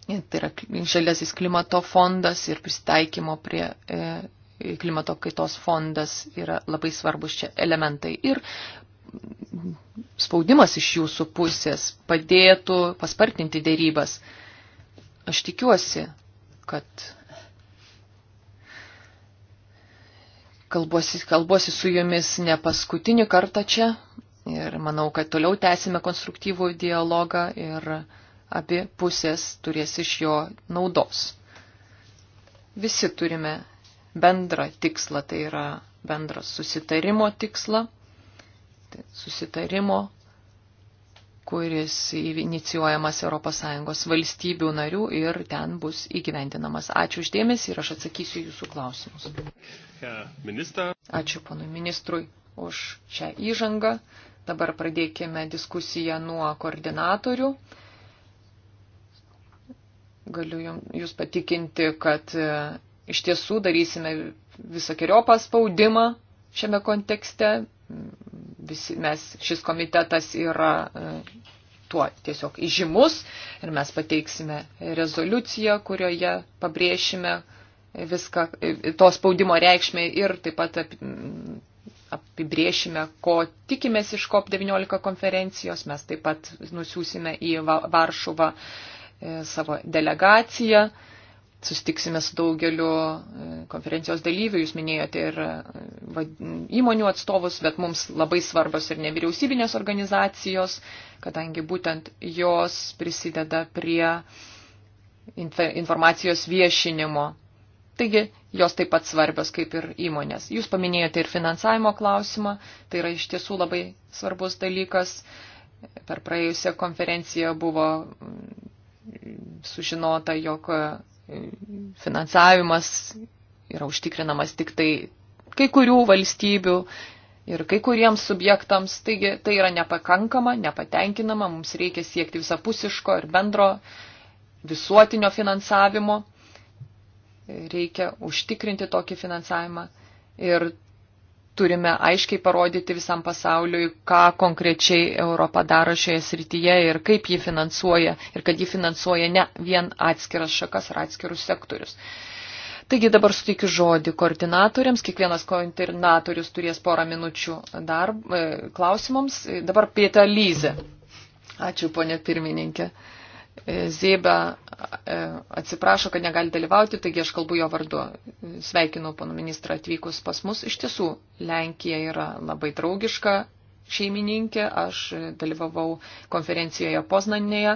E, tai yra žaliasis klimato fondas ir pristaikymo prie e, klimato kaitos fondas yra labai svarbus čia elementai. Ir spaudimas iš jūsų pusės padėtų paspartinti dėrybas. Aš tikiuosi, kad kalbuosi, kalbuosi su jumis ne paskutinį kartą čia ir manau, kad toliau tęsime konstruktyvų dialogą ir abi pusės turės iš jo naudos. Visi turime bendrą tikslą, tai yra bendrą susitarimo tikslą, tai susitarimo, kuris inicijuojamas ES valstybių narių ir ten bus įgyvendinamas. Ačiū uždėmesi ir aš atsakysiu jūsų klausimus. Ačiū ponui ministrui už šią įžangą. Dabar pradėkime diskusiją nuo koordinatorių. Galiu Jūs patikinti, kad e, iš tiesų darysime visokiojopą spaudimą šiame kontekste. Visi, mes, šis komitetas yra e, tuo tiesiog įžymus ir mes pateiksime rezoliuciją, kurioje pabrėšime viską, e, to spaudimo reikšmę ir taip pat apibrėšime, ko tikimės iš COP19 konferencijos. Mes taip pat nusiūsime į Varšuvą E, savo delegaciją, sustiksime su daugeliu e, konferencijos dalyvių, jūs minėjote ir e, įmonių atstovus, bet mums labai svarbios ir nevyriausybinės organizacijos, kadangi būtent jos prisideda prie informacijos viešinimo. Taigi jos taip pat svarbios kaip ir įmonės. Jūs paminėjote ir finansavimo klausimą, tai yra iš tiesų labai svarbus dalykas. Per praėjusią konferenciją buvo sužinota, jog e, finansavimas yra užtikrinamas tik tai kai kurių valstybių ir kai kuriems subjektams. Taigi tai yra nepakankama, nepatenkinama, mums reikia siekti visapusiško ir bendro visuotinio finansavimo. Reikia užtikrinti tokį finansavimą. Ir turime aiškiai parodyti visam pasauliui, ką konkrečiai Europa daro šioje srityje ir kaip ji finansuoja ir kad ji finansuoja ne vien atskiras šakas ar atskirus sektorius. Taigi dabar suteikiu žodį koordinatoriams. Kiekvienas koordinatorius turės porą minučių darb, e, klausimams. Dabar Pieta Lyze. Ačiū, ponė pirmininkė. Uh, Zėba e, atsiprašo, kad negali dalyvauti, taigi aš kalbu jo vardu. Sveikinu panu ministrą atvykus pas mus. Iš tiesų, Lenkija yra labai draugiška šeimininkė. Aš dalyvavau konferencijoje Poznanėje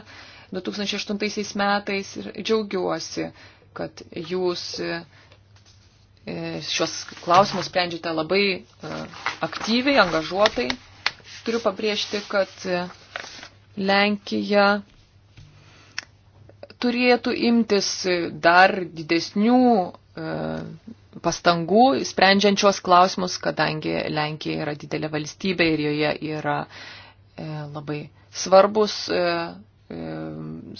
2008 metais ir džiaugiuosi, kad jūs e, šios klausimus sprendžiate labai e, aktyviai, angažuotai. Turiu pabrėžti, kad Lenkija turėtų imtis dar didesnių e, pastangų, sprendžiančios klausimus, kadangi Lenkija yra didelė valstybė ir joje yra e, labai svarbus, e,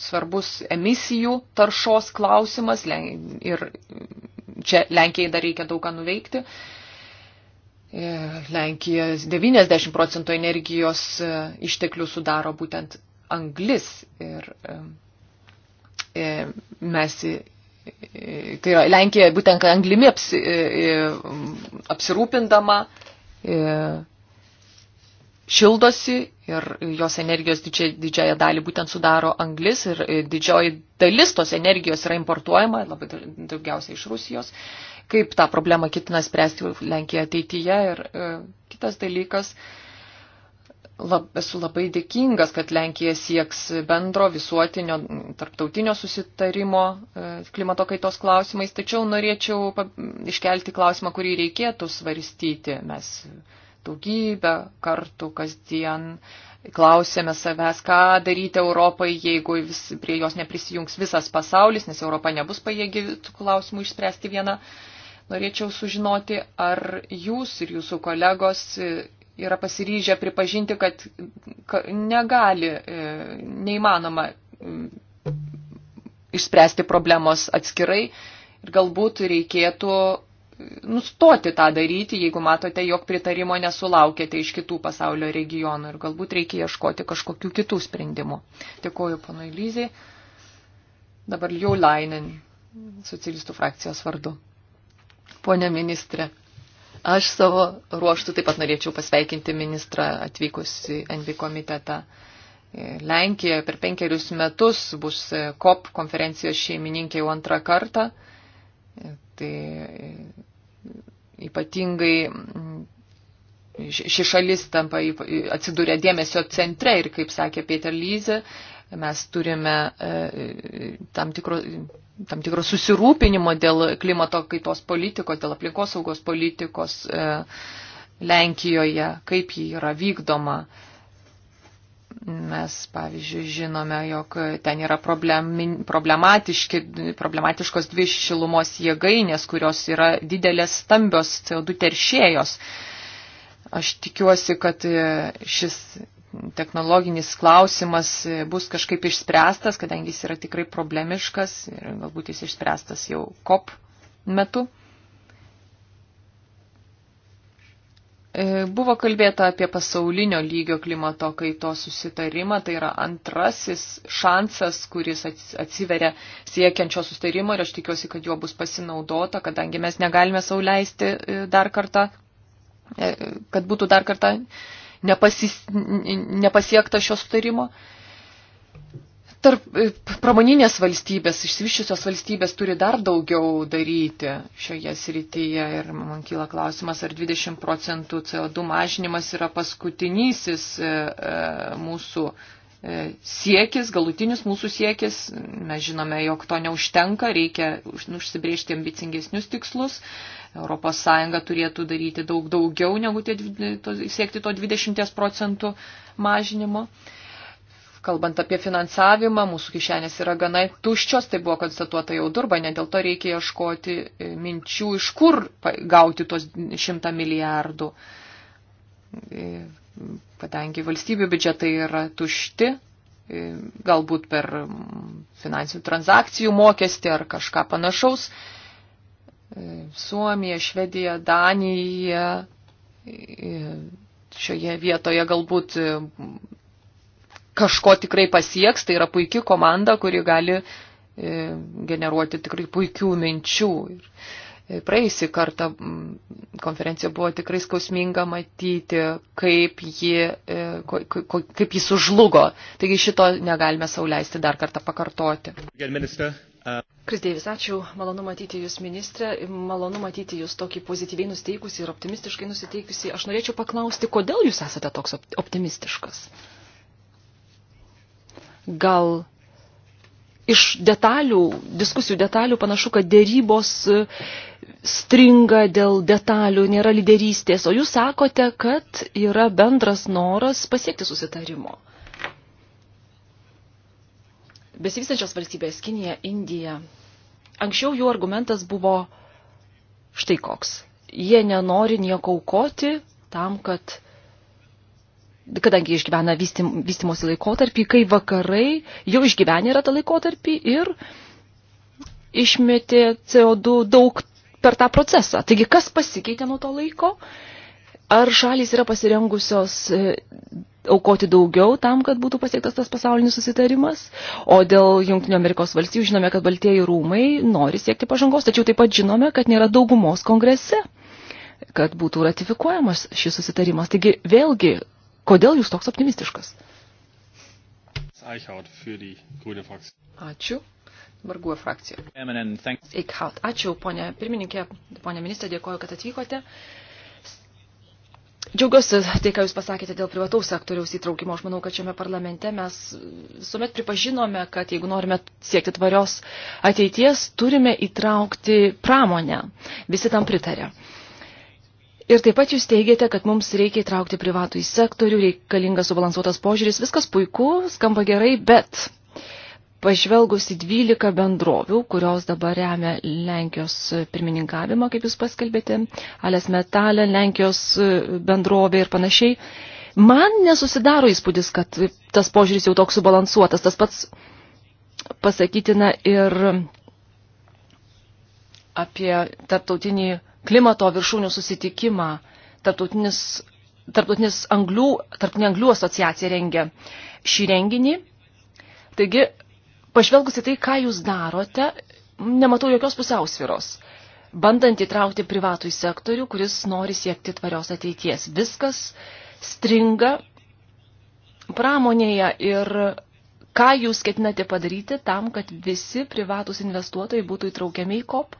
svarbus emisijų taršos klausimas ir čia Lenkijai dar reikia daug ką nuveikti. Lenkija 90 procentų energijos išteklių sudaro būtent anglis ir E, mes, e, tai yra, Lenkija būtent anglimi apsi, e, apsirūpindama šildosi ir jos energijos didžiai, didžiąją dalį būtent sudaro anglis ir didžioji dalis tos energijos yra importuojama, labai daugiausiai iš Rusijos. Kaip tą problemą kitina spręsti Lenkija ateityje ir kitas dalykas. E, lab, esu labai dėkingas, kad Lenkija sieks bendro visuotinio tarptautinio susitarimo e, klimato kaitos klausimais, tačiau norėčiau iškelti klausimą, kurį reikėtų svarstyti. Mes daugybę kartų kasdien klausėme savęs, ką daryti Europai, jeigu vis, prie jos neprisijungs visas pasaulis, nes Europa nebus pajėgi tų klausimų išspręsti viena. Norėčiau sužinoti, ar jūs ir jūsų kolegos yra pasiryžę pripažinti, kad negali, e, neįmanoma e, išspręsti problemos atskirai ir galbūt reikėtų e, nustoti tą daryti, jeigu matote, jog pritarimo nesulaukėte iš kitų pasaulio regionų ir galbūt reikia ieškoti kažkokių kitų sprendimų. Dėkuoju panui Lyzijai. Dabar jau Lainin, socialistų frakcijos vardu. Pone ministrė, Aš savo ruoštų taip pat norėčiau pasveikinti ministrą atvykus į NV komitetą. Lenkijoje per penkerius metus bus COP konferencijos šeimininkė jau antrą kartą. Tai ypatingai ši šalis tampa atsidūrė dėmesio centre ir, kaip sakė Peter Lyze, Mes turime e, tam tikro tam tikro susirūpinimo dėl klimato kaitos politikos, dėl aplinkosaugos politikos e, Lenkijoje, kaip ji yra vykdoma. Mes, pavyzdžiui, žinome, jog ten yra problematiškos dvi šilumos jėgainės, kurios yra didelės stambios CO2 teršėjos. Aš tikiuosi, kad šis technologinis klausimas bus kažkaip išspręstas, kadangi jis yra tikrai problemiškas ir galbūt jis išspręstas jau COP metu. E, buvo kalbėta apie pasaulinio lygio klimato kaitos susitarimą, tai yra antrasis šansas, kuris atsiveria siekiančio susitarimo ir aš tikiuosi, kad juo bus pasinaudota, kadangi mes negalime sauliaisti e, dar kartą, e, kad būtų dar kartą nepasis, nepasiekta šio sutarimo. Tarp pramoninės valstybės, išsivyščiusios valstybės turi dar daugiau daryti šioje srityje ir man kyla klausimas, ar 20 procentų CO2 mažinimas yra paskutinysis e, e, mūsų E, siekis, galutinis mūsų siekis, mes žinome, jog to neužtenka, reikia nu, užsibriežti ambicingesnius tikslus, ES turėtų daryti daug daugiau negu tie, to, siekti to 20 procentų mažinimo. Kalbant apie finansavimą, mūsų kišenės yra gana tuščios, tai buvo konstatuota jau durba, ne dėl to reikia ieškoti e, minčių, iš kur gauti tos šimtą milijardų e, kadangi valstybių biudžetai yra tušti, e, galbūt per finansinių transakcijų mokestį ar kažką panašaus. E, Suomija, Švedija, Danija e, šioje vietoje galbūt kažko tikrai pasieks, tai yra puikia komanda, kuri gali generuoti tikrai puikių minčių. Ir Praėjusį kartą mm, konferencija buvo tikrai skausminga matyti, kaip ji, e, kaip ji sužlugo. Taigi šito negalime sauliaisti dar kartą pakartoti. Uh, Krisdėvis, ačiū. Malonu matyti Jūs, ministrė. Malonu matyti Jūs tokį pozityviai nusteikusi ir optimistiškai nusiteikusi. Aš norėčiau paklausti, kodėl Jūs esate toks optimistiškas? Gal iš detalių, diskusijų detalių panašu, kad dėrybos stringa dėl detalių, nėra lyderystės, o jūs sakote, kad yra bendras noras pasiekti susitarimo. Besivystančios valstybės Kinija, Indija. Anksčiau jų argumentas buvo štai koks. Jie nenori nieko aukoti tam, kad kadangi išgyvena vystim, vystimosi laikotarpį, kai vakarai jau išgyvenė yra tą laikotarpį ir išmetė CO2 daug per tą procesą. Taigi, kas pasikeitė nuo to laiko? Ar šalys yra pasirengusios e, aukoti daugiau tam, kad būtų pasiektas tas pasaulinis susitarimas? O dėl Junktinio Amerikos valstybių žinome, kad Baltieji rūmai nori siekti pažangos, tačiau taip pat žinome, kad nėra daugumos kongrese, kad būtų ratifikuojamas šis susitarimas. Taigi, vėlgi, kodėl jūs toks optimistiškas? Ačiū. Varguoja frakcija. Eikhaut. Ačiū, ponė pirmininkė, ponė ministrė, dėkoju, kad atvykote. Džiaugiuosi tai, ką Jūs pasakėte dėl privataus sektoriaus įtraukimo. Aš manau, kad šiame parlamente mes visuomet pripažinome, kad jeigu norime siekti tvarios ateities, turime įtraukti pramonę. Visi tam pritarė. Ir taip pat jūs teigiate, kad mums reikia įtraukti privatų į sektorių, reikalingas subalansuotas požiūris, viskas puiku, skamba gerai, bet pažvelgus į 12 bendrovių, kurios dabar remia Lenkijos pirmininkavimą, kaip jūs paskelbėte, Alės Metalė, Lenkijos bendrovė ir panašiai, man nesusidaro įspūdis, kad tas požiūris jau toks subalansuotas, tas pats pasakytina ir apie tarptautinį klimato viršūnių susitikimą, tarptautinis, tarptautinis anglių, tarptautinė anglių asociacija rengia šį renginį. Taigi pažvelgusi tai, ką jūs darote, nematau jokios pusiausviros. Bandant įtraukti privatų į sektorių, kuris nori siekti tvarios ateities. Viskas stringa pramonėje ir ką jūs ketinate padaryti tam, kad visi privatus investuotojai būtų įtraukiami į COP,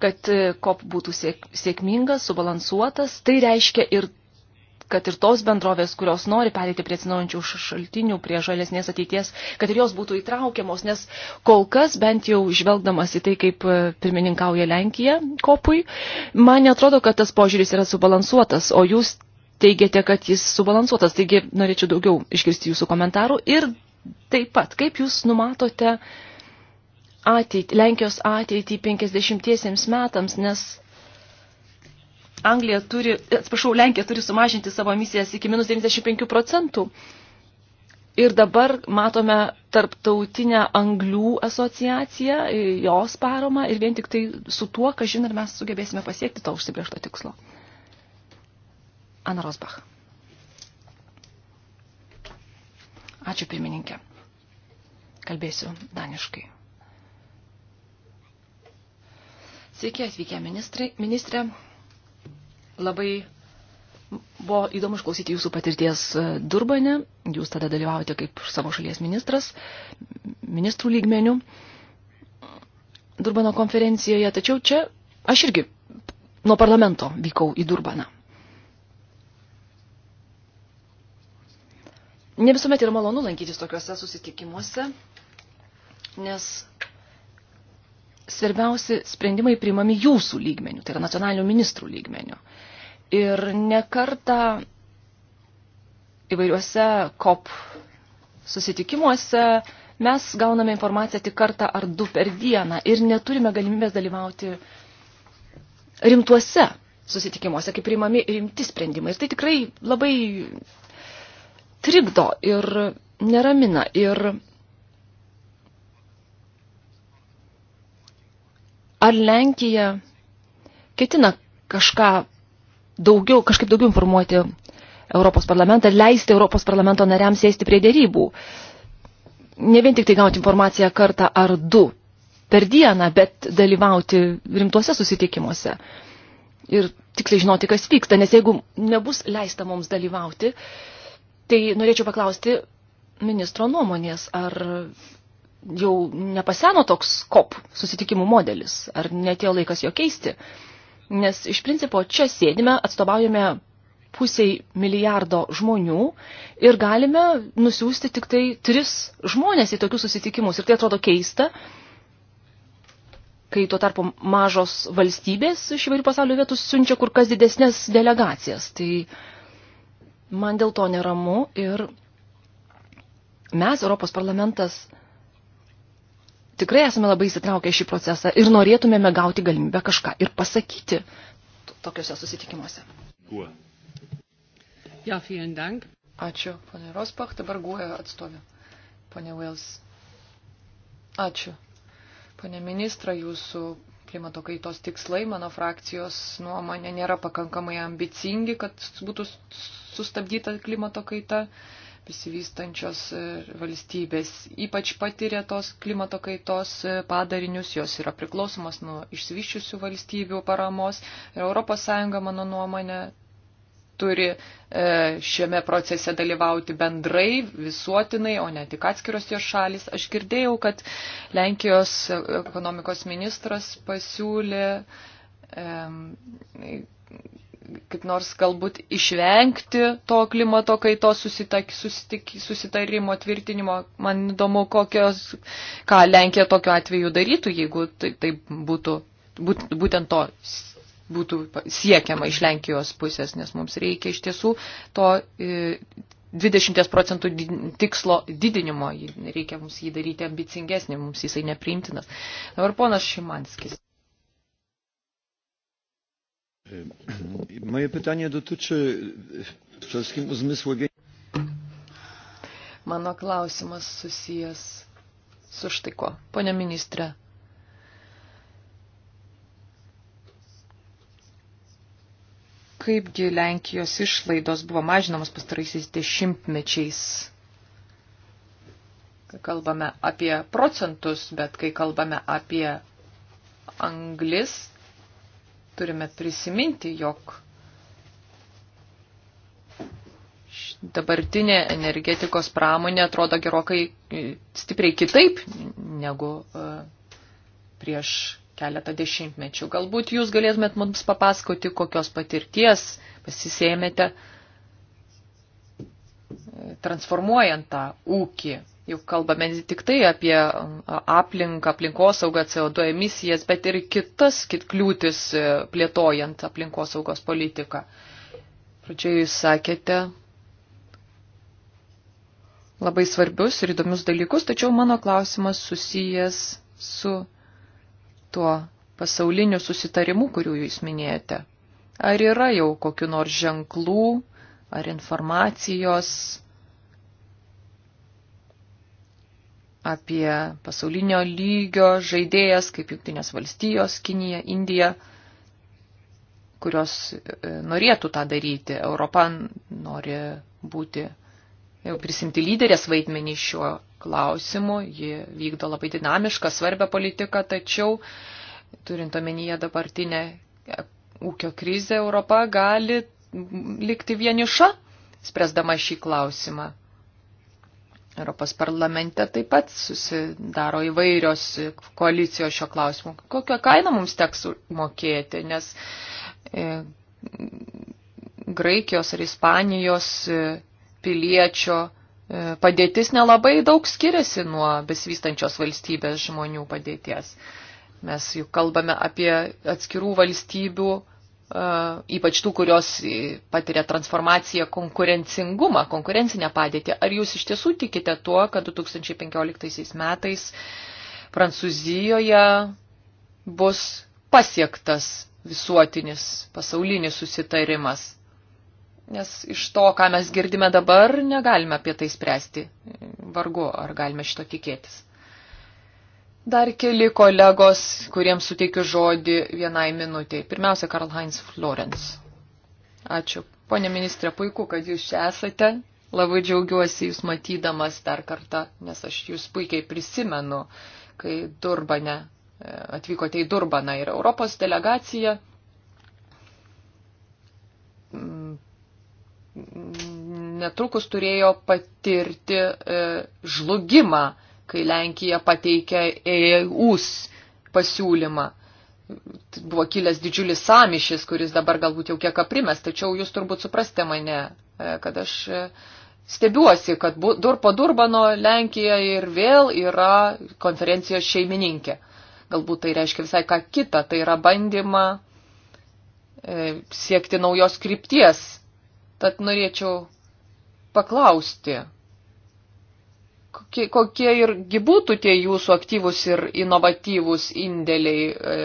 kad COP būtų sėk, sėkmingas, subalansuotas. Tai reiškia ir kad ir tos bendrovės, kurios nori pereiti prie atsinaujančių šaltinių, prie žalesnės ateities, kad ir jos būtų įtraukiamos, nes kol kas, bent jau žvelgdamas į tai, kaip e, pirmininkauja Lenkija kopui, man netrodo, kad tas požiūris yra subalansuotas, o jūs teigiate, kad jis subalansuotas, taigi norėčiau daugiau išgirsti jūsų komentarų ir taip pat, kaip jūs numatote ateitį, Lenkijos ateitį 50 metams, nes Anglija turi, atsiprašau, Lenkija turi sumažinti savo emisijas iki minus 95 procentų. Ir dabar matome tarptautinę anglių asociaciją, jos paromą ir vien tik tai su tuo, ką žin, ar mes sugebėsime pasiekti to užsibriešto tikslo. Ana Rosbach. Ačiū pirmininkė. Kalbėsiu daniškai. Sveiki atvykę ministrė. Labai buvo įdomu išklausyti jūsų patirties e, Durbane. Jūs tada dalyvaujate kaip savo šalies ministras, ministrų lygmenių Durbano konferencijoje. Tačiau čia aš irgi nuo parlamento vykau į Durbaną. Ne visuomet yra malonu lankytis tokiuose susitikimuose, nes svarbiausi sprendimai priimami jūsų lygmenių, tai yra nacionalinių ministrų lygmenių. Ir nekarta įvairiuose COP susitikimuose mes gauname informaciją tik kartą ar du per dieną ir neturime galimybės dalyvauti rimtuose susitikimuose, kaip priimami rimti sprendimai. Ir tai tikrai labai trikdo ir neramina. Ir Ar Lenkija ketina kažką daugiau, kažkaip daugiau informuoti Europos parlamentą, leisti Europos parlamento nariams sėsti prie dėrybų? Ne vien tik tai gauti informaciją kartą ar du per dieną, bet dalyvauti rimtuose susitikimuose. Ir tiksliai žinoti, kas vyksta, nes jeigu nebus leista mums dalyvauti, tai norėčiau paklausti ministro nuomonės, ar jau nepaseno toks kop susitikimų modelis, ar netėjo laikas jo keisti. Nes iš principo čia sėdime, atstovaujame pusiai milijardo žmonių ir galime nusiųsti tik tai tris žmonės į tokius susitikimus. Ir tai atrodo keista, kai tuo tarpu mažos valstybės iš įvairių pasaulio vietų siunčia kur kas didesnės delegacijas. Tai man dėl to neramu ir mes, Europos parlamentas, tikrai esame labai įsitraukę šį procesą ir norėtumėme gauti galimybę kažką ir pasakyti tokiuose susitikimuose. Guo. Ja, vielen Dank. Ačiū, ponė Rospach, dabar guoja atstovė. Ponė Wills. Ačiū. Pone ministra, jūsų klimato kaitos tikslai mano frakcijos nuomonė nėra pakankamai ambicingi, kad būtų sustabdyta klimato kaita. Uh, besivystančios e, valstybės ypač patiria tos klimato kaitos e, padarinius, jos yra priklausomos nuo išsivyščiusių valstybių paramos ir ES, mano nuomonė, turi e, šiame procese dalyvauti bendrai, visuotinai, o ne tik atskiros jos šalis. Aš girdėjau, kad Lenkijos ekonomikos ministras pasiūlė kaip nors galbūt išvengti to klimato kaitos susitarimo tvirtinimo. Man įdomu, kokios, ką Lenkija tokiu atveju darytų, jeigu tai, tai būtų, būt, būtent to būtų siekiama iš Lenkijos pusės, nes mums reikia iš tiesų to 20 e, procentų tikslo didinimo, reikia mums jį daryti ambicingesnį, mums jisai nepriimtinas. Dabar ponas Šimanskis. Moje pytanie dotyczy przede wszystkim uzmysłowienia. Mano klausimas susijęs su štai kuo. Pone ministre. Kaipgi Lenkijos išlaidos buvo mažinamos pastaraisiais dešimtmečiais? Kai kalbame apie procentus, bet kai kalbame apie anglis, turime prisiminti, jog dabartinė energetikos pramonė atrodo gerokai e, stipriai kitaip negu e, prieš keletą dešimtmečių. Galbūt jūs galėtumėt mums papasakoti, kokios patirties pasisėmėte e, transformuojant tą ūkį Juk kalbame ne tik tai apie um, aplinką, aplinkosaugą, CO2 emisijas, bet ir kitas kit kliūtis e, plėtojant aplinkosaugos politiką. Pradžioje jūs sakėte labai svarbius ir įdomius dalykus, tačiau mano klausimas susijęs su tuo pasauliniu susitarimu, kuriuo jūs minėjote. Ar yra jau kokiu nors ženklų ar informacijos apie pasaulinio lygio žaidėjas kaip Junktinės valstijos, Kinija, Indija, kurios e, norėtų tą daryti. Europa nori būti, prisimti lyderės vaidmenį šiuo klausimu, ji vykdo labai dinamišką, svarbę politiką, tačiau turint omenyje dabartinę e, ūkio krizę, Europa gali likti vieniša, spręsdama šį klausimą. Europos parlamente taip pat susidaro įvairios koalicijos šio klausimu. Kokią kainą mums teks mokėti, nes e, Graikijos ar Ispanijos e, piliečio e, padėtis nelabai daug skiriasi nuo besivystančios valstybės žmonių padėties. Mes juk kalbame apie atskirų valstybių Uh, ypač tų, kurios e, patiria transformaciją konkurencingumą, konkurencinę padėtį. Ar jūs iš tiesų tikite tuo, kad 2015 metais Prancūzijoje bus pasiektas visuotinis pasaulinis susitarimas? Nes iš to, ką mes girdime dabar, negalime apie tai spręsti. Vargu, ar galime šito tikėtis. Dar keli kolegos, kuriems suteikiu žodį vienai minutiai. Pirmiausia, Karl Heinz Florence. Ačiū. Pone ministrė, puiku, kad jūs čia esate. Labai džiaugiuosi jūs matydamas dar kartą, nes aš jūs puikiai prisimenu, kai Durbane e, atvykote į Durbaną ir Europos delegacija mm, netrukus turėjo patirti e, žlugimą kai Lenkija pateikė EUS pasiūlymą. Buvo kilęs didžiulis samišis, kuris dabar galbūt jau kiek aprimės, tačiau jūs turbūt suprastė mane, e, kad aš e, stebiuosi, kad dur po Durbano Lenkija ir vėl yra konferencijos šeimininkė. Galbūt tai reiškia visai ką kitą, tai yra bandyma e, siekti naujos krypties. Tad norėčiau paklausti, kokie, kokie irgi būtų tie jūsų aktyvus ir inovatyvus indėliai e,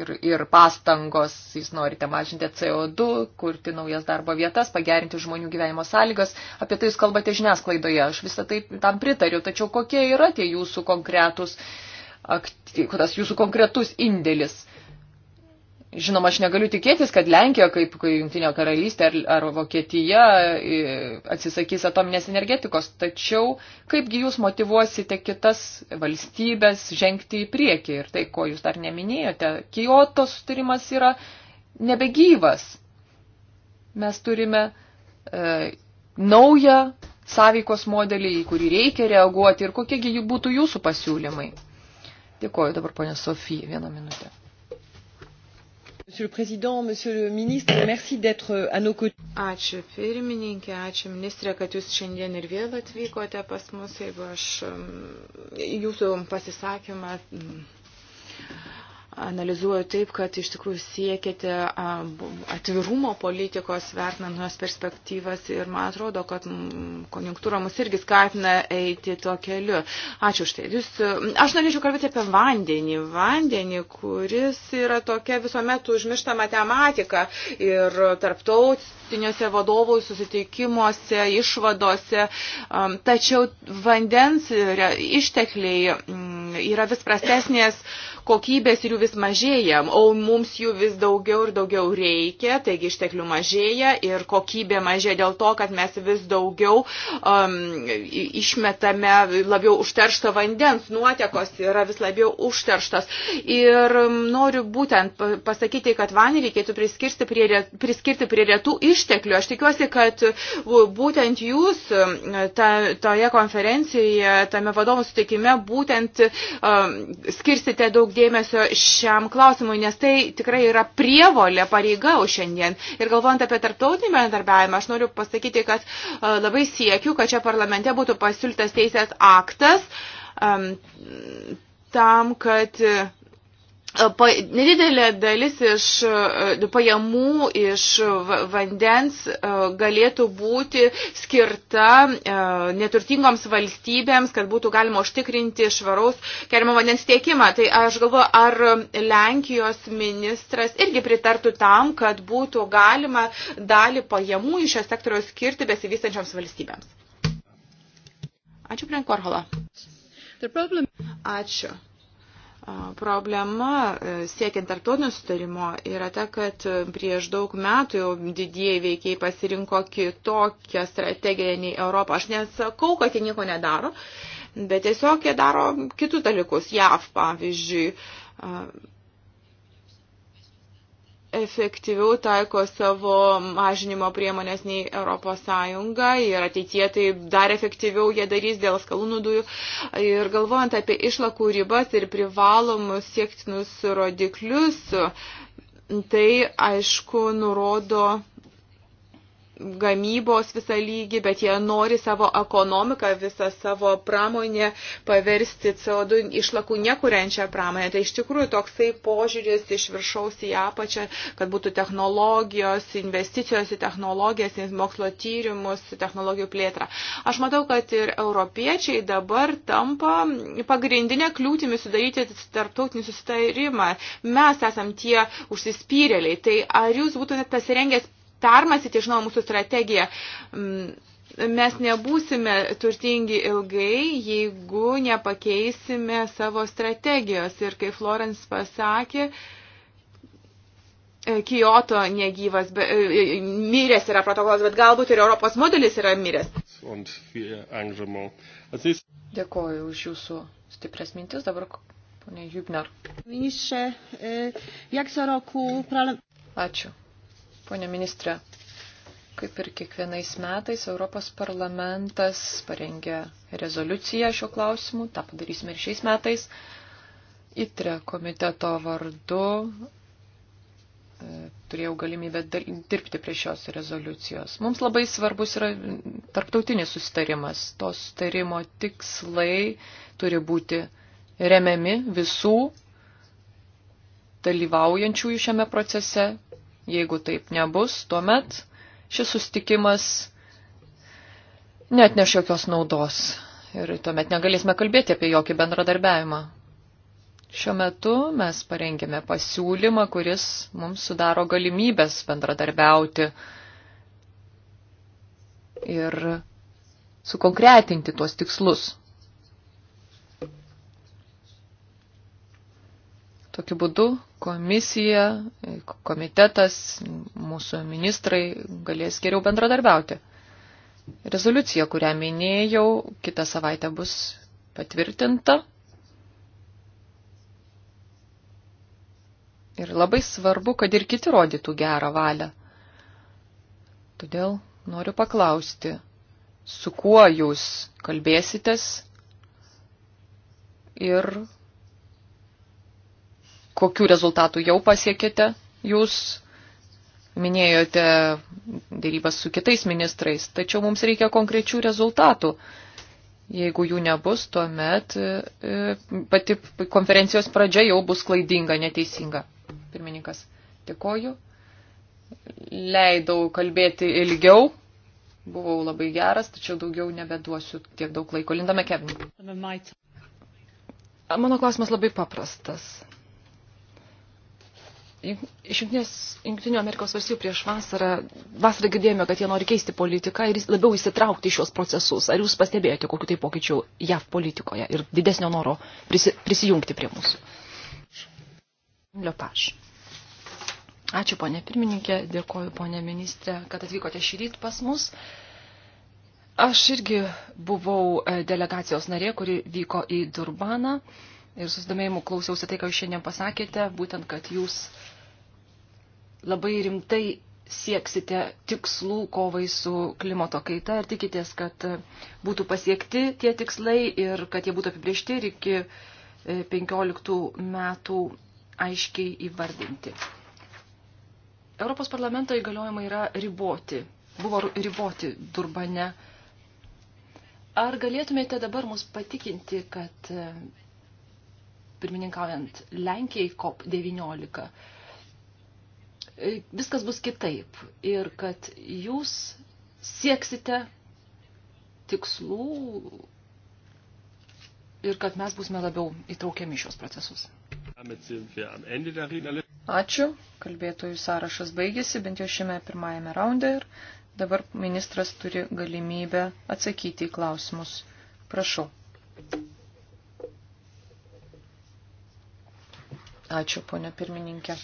ir, ir pastangos, jūs norite mažinti CO2, kurti naujas darbo vietas, pagerinti žmonių gyvenimo sąlygas, apie tai jūs kalbate žiniasklaidoje, aš visą tai tam pritariu, tačiau kokie yra tie jūsų konkretus, aktyv, tas jūsų konkretus indėlis? Žinoma, aš negaliu tikėtis, kad Lenkija, kaip Junktinio karalystė ar, ar Vokietija e, atsisakys atominės energetikos, tačiau kaipgi jūs motivuosite kitas valstybės žengti į priekį ir tai, ko jūs dar neminėjote, Kyoto sutarimas yra nebegyvas. Mes turime e, naują sąveikos modelį, į kurį reikia reaguoti ir kokiegi jų būtų jūsų pasiūlymai. Dėkuoju dabar, ponė Sofija, vieną minutę. Euh, ačiū pirmininkė, ačiū ministrė, kad jūs šiandien ir vėl atvykote pas mus, jeigu aš um, jūsų pasisakymą analizuoju taip, kad iš tikrųjų siekėte atvirumo politikos vertinant nuos perspektyvas ir man atrodo, kad konjunktūra mus irgi skatina eiti tuo keliu. Ačiū už tai. Jūs, aš norėčiau kalbėti apie vandenį. Vandenį, kuris yra tokia visuomet užmiršta matematika ir tarptautiniuose vadovų susitikimuose, išvadose. Tačiau vandens ištekliai yra vis prastesnės kokybės ir jų vis mažėja, o mums jų vis daugiau ir daugiau reikia, taigi išteklių mažėja ir kokybė mažėja dėl to, kad mes vis daugiau um, išmetame labiau užteršto vandens, nuotekos yra vis labiau užterštas. Ir um, noriu būtent pasakyti, kad vandenį reikėtų priskirti prie, priskirti prie retų išteklių. Aš tikiuosi, kad būtent jūs um, ta, toje konferencijoje, tame vadovų sutikime, būtent um, skirsite daug dėmesio šiam klausimui, nes tai tikrai yra prievolė pareiga už šiandien. Ir galvojant apie tarptautinį bendarbiavimą, aš noriu pasakyti, kad e, labai siekiu, kad čia parlamente būtų pasiūlytas teisės aktas um, tam, kad uh, nedidelė dalis iš e, pajamų iš vandens e, galėtų būti skirta e, neturtingoms valstybėms, kad būtų galima užtikrinti švaraus kerimo vandens tiekimą. Tai aš galvoju, ar Lenkijos ministras irgi pritartų tam, kad būtų galima dalį pajamų iš šio sektoriaus skirti besivystančioms valstybėms. Ačiū, Prenkorhola. Ačiū. Problema e, siekiant tarptautinio sutarimo yra ta, kad prieš daug metų jau didieji veikiai pasirinko kitokią strategiją nei Europą. Aš nesakau, kad jie nieko nedaro, bet tiesiog jie daro kitus dalykus. JAV, pavyzdžiui, efektyviau taiko savo mažinimo priemonės nei Europos Sąjunga ir ateitie tai dar efektyviau jie darys dėl skalūnų dujų. Ir galvojant apie išlakų ribas ir privalomus siektinus rodiklius, tai aišku nurodo gamybos visą lygį, bet jie nori savo ekonomiką, visą savo pramonę paversti CO2 išlakų nekuriančią pramonę. Tai iš tikrųjų toksai požiūris iš viršaus į apačią, kad būtų technologijos, investicijos į technologijas, į mokslo tyrimus, technologijų plėtrą. Aš matau, kad ir europiečiai dabar tampa pagrindinę kliūtimį sudaryti tarptautinį susitarimą. Mes esam tie užsispyrėliai. Tai ar jūs būtumėt pasirengęs permasyti, žinoma, mūsų strategiją. Mm, mes nebūsime turtingi ilgai, jeigu nepakeisime savo strategijos. Ir kai Florence pasakė, e, Kyoto negyvas, be, e, e, miręs yra protokolas, bet galbūt ir Europos modelis yra miręs. Dėkoju už jūsų stiprias mintis dabar, ponė Jubner. Ačiū. Pone ministrė, kaip ir kiekvienais metais Europos parlamentas parengė rezoliuciją šiuo klausimu, tą padarysime ir šiais metais. ITRE komiteto vardu e, turėjau galimybę dirbti prie šios rezoliucijos. Mums labai svarbus yra tarptautinis sustarimas. To sustarimo tikslai turi būti remiami visų dalyvaujančiųjų šiame procese Jeigu taip nebus, tuomet šis sustikimas net neš jokios naudos ir tuomet negalėsime kalbėti apie jokį bendradarbiavimą. Šiuo metu mes parengėme pasiūlymą, kuris mums sudaro galimybės bendradarbiauti ir sukonkretinti tuos tikslus. Tokiu būdu komisija, komitetas, mūsų ministrai galės geriau bendradarbiauti. Rezoliucija, kurią minėjau, kitą savaitę bus patvirtinta. Ir labai svarbu, kad ir kiti rodytų gerą valią. Todėl noriu paklausti, su kuo jūs kalbėsitės ir kokių rezultatų jau pasiekėte jūs. Minėjote dėrybas su kitais ministrais, tačiau mums reikia konkrečių rezultatų. Jeigu jų nebus, tuomet e, e, pati konferencijos pradžia jau bus klaidinga, neteisinga. Pirmininkas, dėkoju. Leidau kalbėti ilgiau. Buvau labai geras, tačiau daugiau nebeduosiu tiek daug laiko. Lindame Kevin. Mano klausimas labai paprastas. Iš Junktinių Amerikos valstybių prieš vasarą, vasarą girdėjome, kad jie nori keisti politiką ir labiau įsitraukti į šios procesus. Ar jūs pastebėjote kokiu tai pokyčiu JAV politikoje ir didesnio noro prisi, prisijungti prie mūsų? Liopaš. Ačiū, ponė pirmininkė, dėkoju, ponė ministrė, kad atvykote šį rytą pas mus. Aš irgi buvau e, delegacijos narė, kuri vyko į Durbaną ir susidomėjimu klausiausi tai, ką jūs šiandien pasakėte, būtent, kad jūs labai rimtai sieksite tikslų kovai su klimato kaita ir tikitės, kad e, būtų pasiekti tie tikslai ir kad jie būtų apibriežti ir iki 15 e, metų aiškiai įvardinti. Europos parlamento įgaliojimai yra riboti, buvo riboti Durbane. Ar galėtumėte dabar mus patikinti, kad e, pirmininkaujant Lenkijai COP19 viskas bus kitaip ir kad jūs sieksite tikslų ir kad mes būsime labiau įtraukiami šios procesus. Ačiū. Kalbėtojų sąrašas baigėsi, bent jau šiame pirmajame raunde ir dabar ministras turi galimybę atsakyti į klausimus. Prašau. Ačiū, ponia pirmininkė.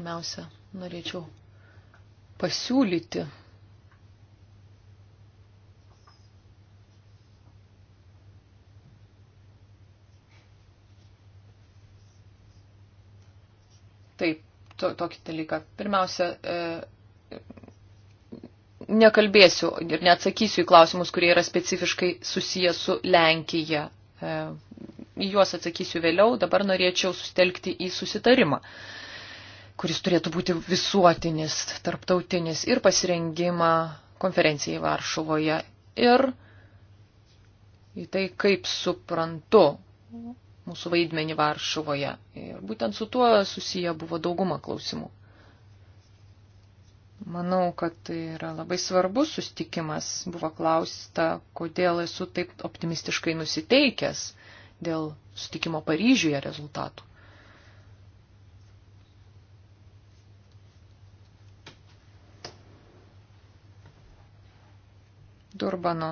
Pirmiausia, norėčiau pasiūlyti taip, to, tokį dalyką. Pirmiausia, e, nekalbėsiu ir neatsakysiu į klausimus, kurie yra specifiškai susiję su Lenkija. E, į juos atsakysiu vėliau, dabar norėčiau sustelkti į susitarimą. E, kuris turėtų būti visuotinis, tarptautinis ir pasirengimą konferencijai Varšuvoje ir į tai, kaip suprantu mūsų vaidmenį Varšuvoje. Ir būtent su tuo susiję buvo dauguma klausimų. Manau, kad tai yra labai svarbus sustikimas. Buvo klausta, kodėl esu taip optimistiškai nusiteikęs dėl sustikimo Paryžiuje rezultatų. Durbano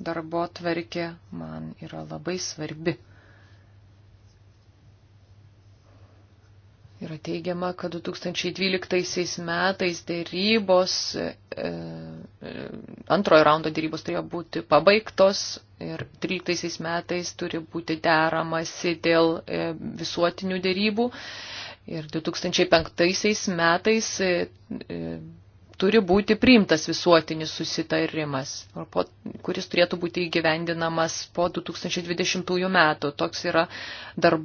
darbo tvarkė man yra labai svarbi. Yra teigiama, kad 2012 metais dėrybos, e, e, antrojo raundo dėrybos turėjo būti pabaigtos ir 13 metais turi būti deramasi dėl e, visuotinių dėrybų. Ir 2005 metais e, turi būti priimtas visuotinis susitarimas, po, kuris turėtų būti įgyvendinamas po 2020 metų. Toks yra darb,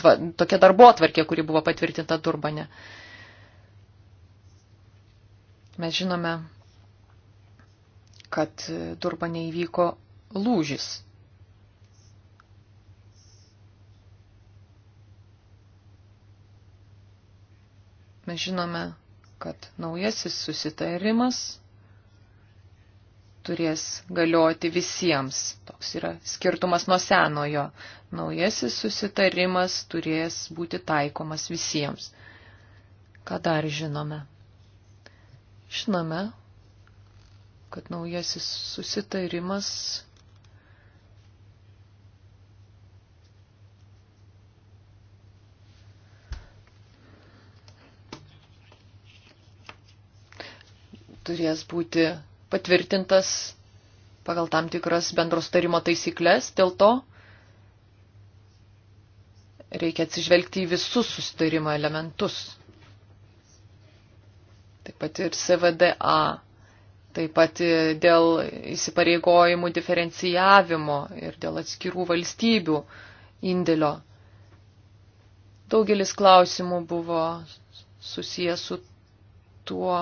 tva, tokia darbo atvarkė, kuri buvo patvirtinta Durbane. Mes žinome, kad Durbane įvyko lūžis mes žinome, kad naujasis susitarimas turės galioti visiems. Toks yra skirtumas nuo senojo. Naujasis susitarimas turės būti taikomas visiems. Ką dar žinome? Žinome, kad naujasis susitarimas turės būti patvirtintas pagal tam tikras bendros tarimo taisyklės, dėl to reikia atsižvelgti į visus sustarimo elementus. Taip pat ir CVDA, taip pat dėl įsipareigojimų diferencijavimo ir dėl atskirų valstybių indėlio. Daugelis klausimų buvo susijęs su tuo,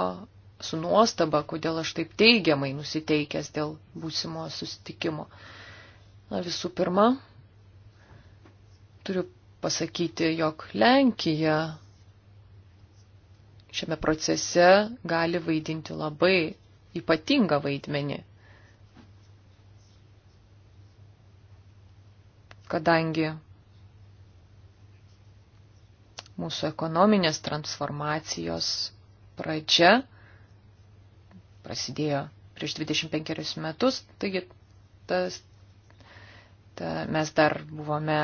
su nuostaba, kodėl aš taip teigiamai nusiteikęs dėl būsimo susitikimo. Na, visų pirma, turiu pasakyti, jog Lenkija šiame procese gali vaidinti labai ypatingą vaidmenį. Kadangi mūsų ekonominės transformacijos pradžia prasidėjo prieš 25 metus, taigi tas, ta, mes dar buvome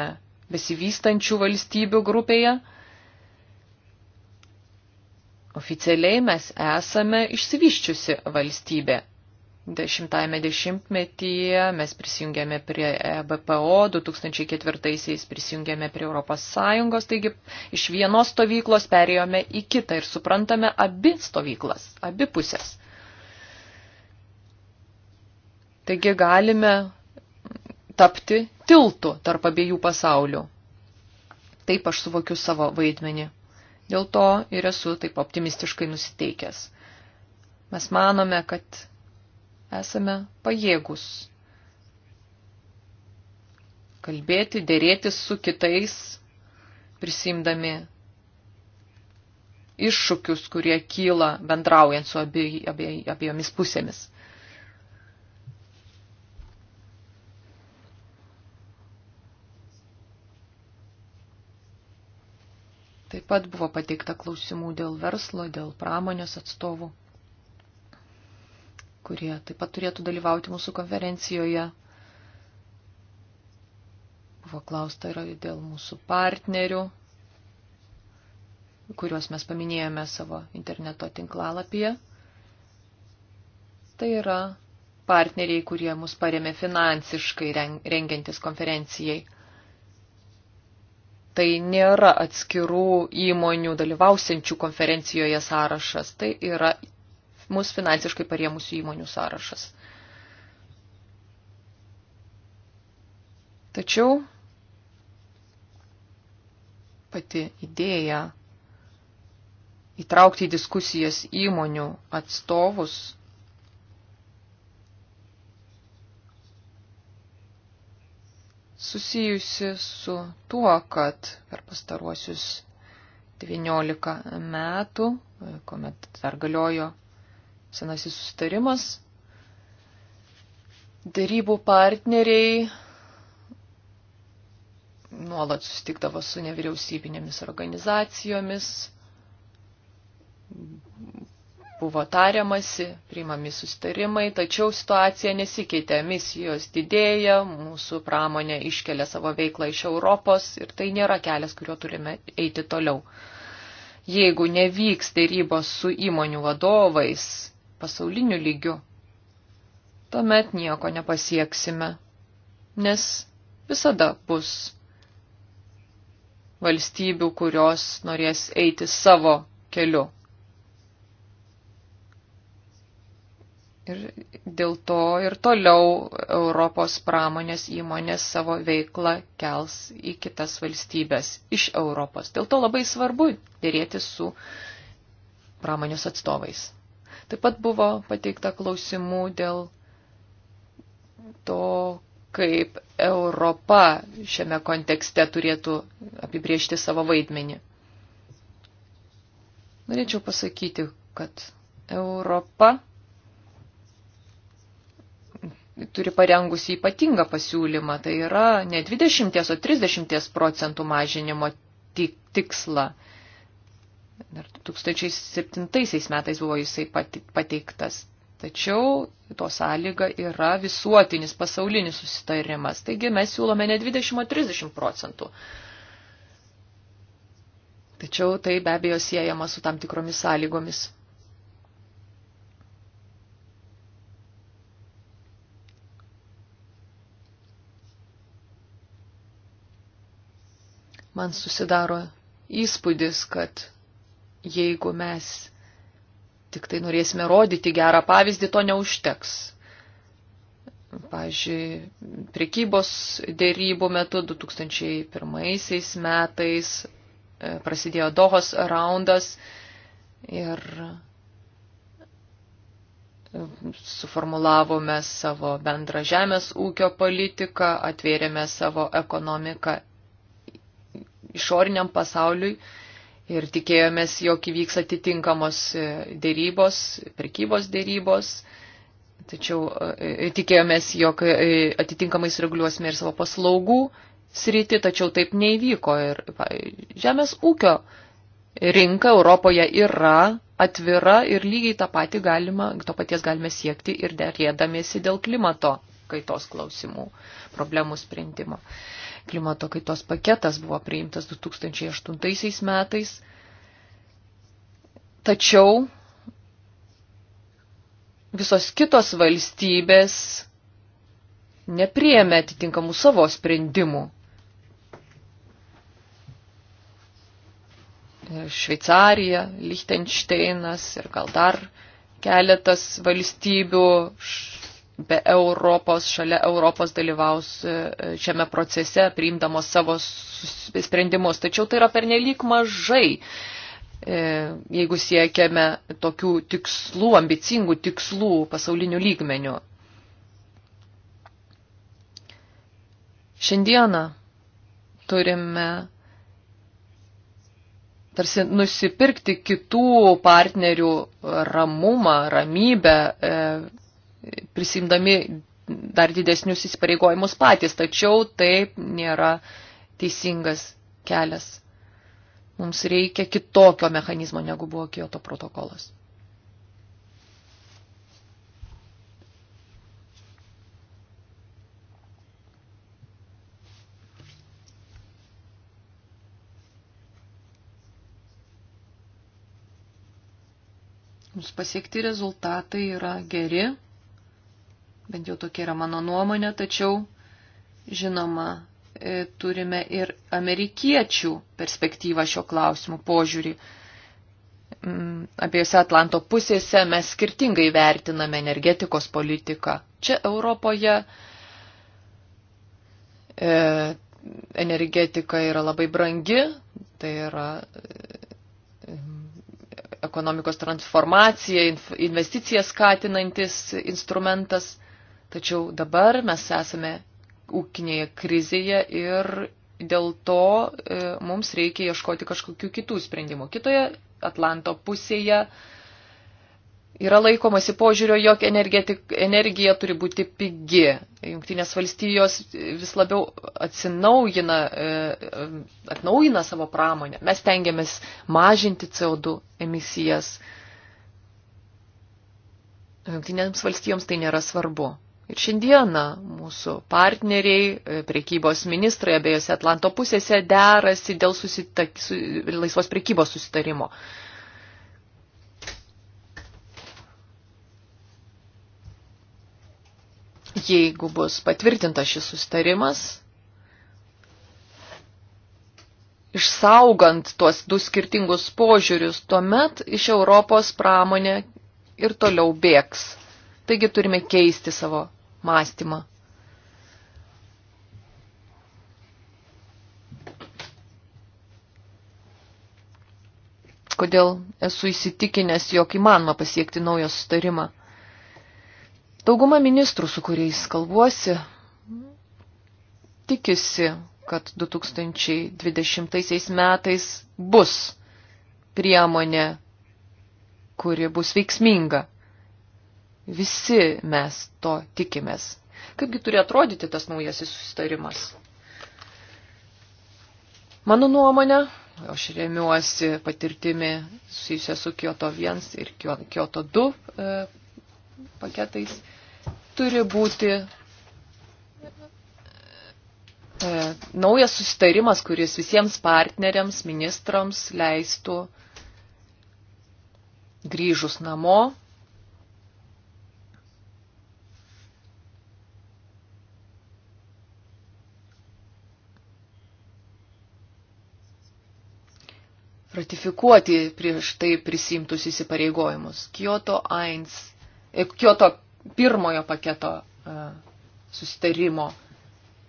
besivystančių valstybių grupėje. Oficialiai mes esame išsivyščiusi valstybė. Dešimtajame dešimtmetyje mes prisijungėme prie e BPO, 2004-aisiais prisijungėme prie Europos Sąjungos, taigi iš vienos stovyklos perėjome į kitą ir suprantame abi stovyklas, abi pusės. Taigi galime tapti tiltu tarp abiejų pasaulių. Taip aš suvokiu savo vaidmenį. Dėl to ir esu taip optimistiškai nusiteikęs. Mes manome, kad esame pajėgus kalbėti, dėrėtis su kitais, prisimdami iššūkius, kurie kyla bendraujant su abie, abie, abiejomis pusėmis. Taip pat buvo pateikta klausimų dėl verslo, dėl pramonės atstovų, kurie taip pat turėtų dalyvauti mūsų konferencijoje. Buvo klausta ir dėl mūsų partnerių, kuriuos mes paminėjome savo interneto tinklalapyje. Tai yra partneriai, kurie mus paremė finansiškai rengiantis konferencijai. Tai nėra atskirų įmonių dalyvausiančių konferencijoje sąrašas, tai yra mūsų finansiškai pariemusių įmonių sąrašas. Tačiau pati idėja įtraukti į diskusijas įmonių atstovus susijusi su tuo, kad per pastaruosius 19 metų, kuomet dar galiojo senasis sustarimas, darybų partneriai nuolat sustikdavo su nevyriausybinėmis organizacijomis, buvo tariamasi, priimami sustarimai, tačiau situacija nesikeitė, misijos didėja, mūsų pramonė iškelia savo veiklą iš Europos ir tai nėra kelias, kuriuo turime eiti toliau. Jeigu nevyks dėrybos su įmonių vadovais pasauliniu lygiu, tuomet nieko nepasieksime, nes visada bus valstybių, kurios norės eiti savo keliu Ir dėl to ir toliau Europos pramonės įmonės savo veiklą kels į kitas valstybės iš Europos. Dėl to labai svarbu dėrėti su pramonės atstovais. Taip pat buvo pateikta klausimų dėl to, kaip Europa šiame kontekste turėtų apibriežti savo vaidmenį. Norėčiau pasakyti, kad Europa turi parengusi ypatingą pasiūlymą, tai yra ne 20, o 30 procentų mažinimo tikslą. Ir 2007 metais buvo jisai pateiktas. Tačiau to sąlyga yra visuotinis pasaulinis susitarimas. Taigi mes siūlome ne 20, o 30 procentų. Tačiau tai be abejo siejama su tam tikromis sąlygomis. Man susidaro įspūdis, kad jeigu mes tik tai norėsime rodyti gerą pavyzdį, to neužteks. Pavyzdžiui, prekybos dėrybų metu 2001 metais e, prasidėjo Dohos raundas ir e, suformulavome savo bendrą žemės ūkio politiką, atvėrėme savo ekonomiką išoriniam pasauliui ir tikėjomės, jog įvyks atitinkamos e, dėrybos, prekybos dėrybos. Tačiau e, e, tikėjomės, jog atitinkamai sureguliuosime ir savo paslaugų sritį, tačiau taip neįvyko. Ir žemės ūkio rinka Europoje yra atvira ir lygiai tą patį galima, to paties galime siekti ir dėrėdamiesi dėl klimato kaitos klausimų, problemų sprendimo. Klimato kaitos paketas buvo priimtas 2008 metais. Tačiau visos kitos valstybės nepriemė atitinkamų savo sprendimų. Šveicarija, Lichtensteinas ir gal dar keletas valstybių be Europos, šalia Europos dalyvaus e, šiame procese, priimdamos savo sprendimus. Tačiau tai yra pernelyg mažai, e, jeigu siekiame tokių tikslų, ambicingų tikslų pasaulinių lygmenių. Šiandieną turime tarsi nusipirkti kitų partnerių ramumą, ramybę, e, prisimdami dar didesnius įsipareigojimus patys, tačiau taip nėra teisingas kelias. Mums reikia kitokio mechanizmo, negu buvo Kyoto protokolas. Mums pasiekti rezultatai yra geri. Bent jau tokia yra mano nuomonė, tačiau, žinoma, e, turime ir amerikiečių perspektyvą šio klausimų požiūrį. Mm, abiejose Atlanto pusėse mes skirtingai vertiname energetikos politiką. Čia Europoje e, energetika yra labai brangi, tai yra e, ekonomikos transformacija, investicija skatinantis instrumentas. Tačiau dabar mes esame ūkinėje krizėje ir dėl to e, mums reikia ieškoti kažkokių kitų sprendimų. Kitoje Atlanto pusėje yra laikomasi požiūrio, jog energija turi būti pigi. Junktinės valstijos vis labiau atsinaujina, e, e, atnaujina savo pramonę. Mes tengiamės mažinti CO2 emisijas. Junktinėms valstijoms tai nėra svarbu. Ir šiandieną mūsų partneriai, e, prekybos ministrai abiejose Atlanto pusėse derasi dėl susita, su, laisvos prekybos susitarimo. Jeigu bus patvirtintas šis susitarimas, išsaugant tuos du skirtingus požiūrius, tuomet iš Europos pramonė ir toliau bėgs Taigi turime keisti savo mąstymą. Kodėl esu įsitikinęs, jog įmanoma pasiekti naują sustarimą. Dauguma ministrų, su kuriais kalbuosi, tikisi, kad 2020 metais bus priemonė, kuri bus veiksminga Visi mes to tikimės. Kaipgi turi atrodyti tas naujasis susitarimas? Mano nuomonė, aš remiuosi patirtimi susijusia su Kyoto 1 ir Kyoto 2 e, paketais, turi būti e, naujas susitarimas, kuris visiems partneriams, ministrams leistų grįžus namo ratifikuoti prieš tai prisimtus įsipareigojimus. Kyoto 1, e, Kyoto pirmojo paketo e, susitarimo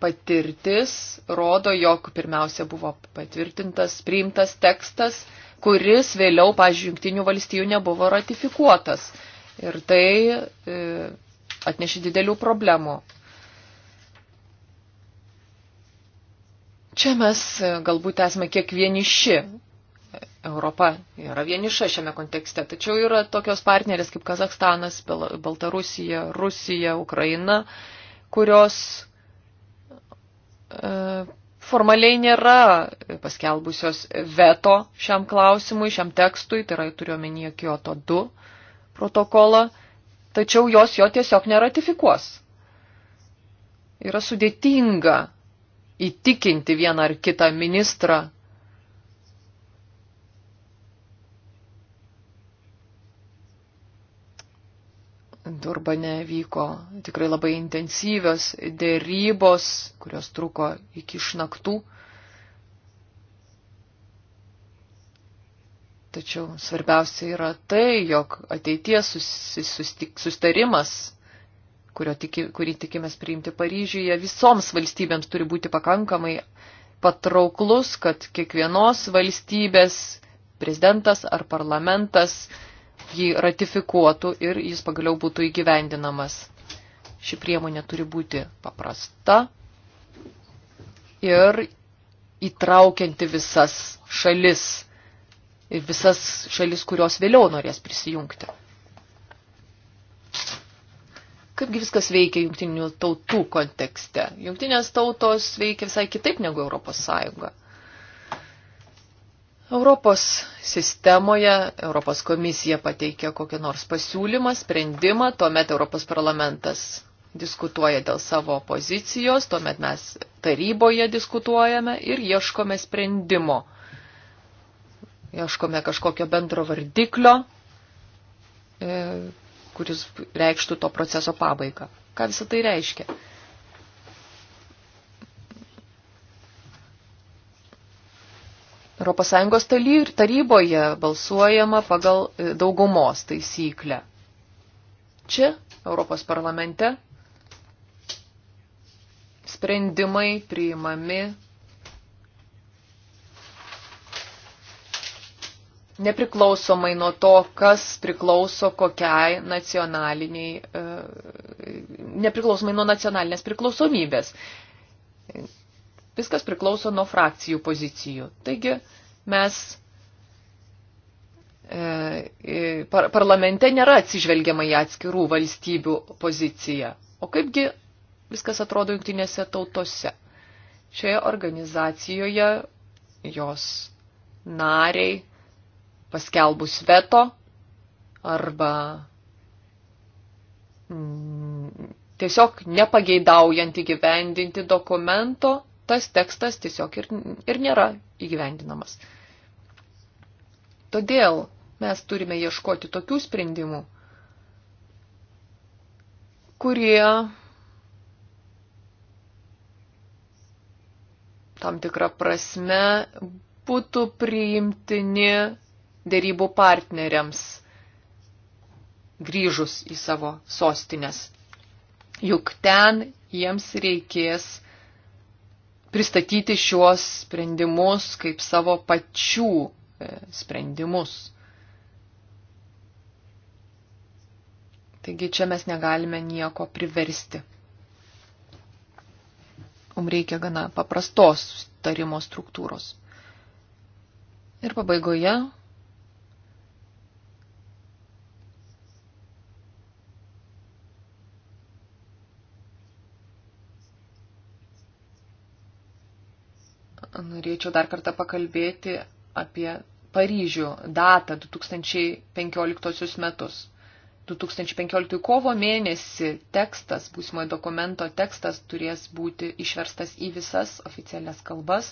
patirtis rodo, jog pirmiausia buvo patvirtintas, priimtas tekstas, kuris vėliau, pažiūrėjau, jungtinių valstijų nebuvo ratifikuotas. Ir tai e, atnešė didelių problemų. Čia mes e, galbūt esame kiek vieniši, Europa yra vieniša šiame kontekste, tačiau yra tokios partnerės kaip Kazakstanas, Baltarusija, Rusija, Ukraina, kurios e, formaliai nėra paskelbusios veto šiam klausimui, šiam tekstui, tai yra turiuomenyje Kyoto 2 protokolą, tačiau jos jo tiesiog neratifikuos. Yra sudėtinga įtikinti vieną ar kitą ministrą Durbane vyko tikrai labai intensyvios dėrybos, kurios truko iki išnaktų. Tačiau svarbiausia yra tai, jog ateities sustarimas, tiki, kurį tikimės priimti Paryžiuje, visoms valstybėms turi būti pakankamai patrauklus, kad kiekvienos valstybės prezidentas ar parlamentas jį ratifikuotų ir jis pagaliau būtų įgyvendinamas. Ši priemonė turi būti paprasta ir įtraukianti visas šalis ir visas šalis, kurios vėliau norės prisijungti. Kaipgi viskas veikia jungtinių tautų kontekste? Jungtinės tautos veikia visai kitaip negu Europos Sąjunga. Europos sistemoje Europos komisija pateikia kokį nors pasiūlymą, sprendimą, tuomet Europos parlamentas diskutuoja dėl savo pozicijos, tuomet mes taryboje diskutuojame ir ieškome sprendimo. Ieškome kažkokio bendro vardiklio, e, kuris reikštų to proceso pabaigą. Ką visą tai reiškia? ES taryboje balsuojama pagal e, daugumos taisyklę. Čia, Europos parlamente, sprendimai priimami nepriklausomai nuo to, kas priklauso kokiai nacionaliniai, e, nepriklausomai nuo nacionalinės priklausomybės. Viskas priklauso nuo frakcijų pozicijų. Taigi mes e, e, par, parlamente nėra atsižvelgiama į atskirų valstybių poziciją. O kaipgi viskas atrodo jungtinėse tautose? Šioje organizacijoje jos nariai paskelbus veto arba mm, tiesiog nepageidaujant įgyvendinti dokumento tas tekstas tiesiog ir, ir nėra įgyvendinamas. Todėl mes turime ieškoti tokių sprendimų, kurie tam tikrą prasme būtų priimtini dėrybų partneriams grįžus į savo sostinės. Juk ten jiems reikės pristatyti šiuos sprendimus kaip savo pačių e, sprendimus. Taigi čia mes negalime nieko priversti. Mums reikia gana paprastos tarimo struktūros. Ir pabaigoje norėčiau dar kartą pakalbėti apie Paryžių datą 2015 metus. 2015 kovo mėnesį tekstas, būsimojo dokumento tekstas turės būti išverstas į visas oficialias kalbas.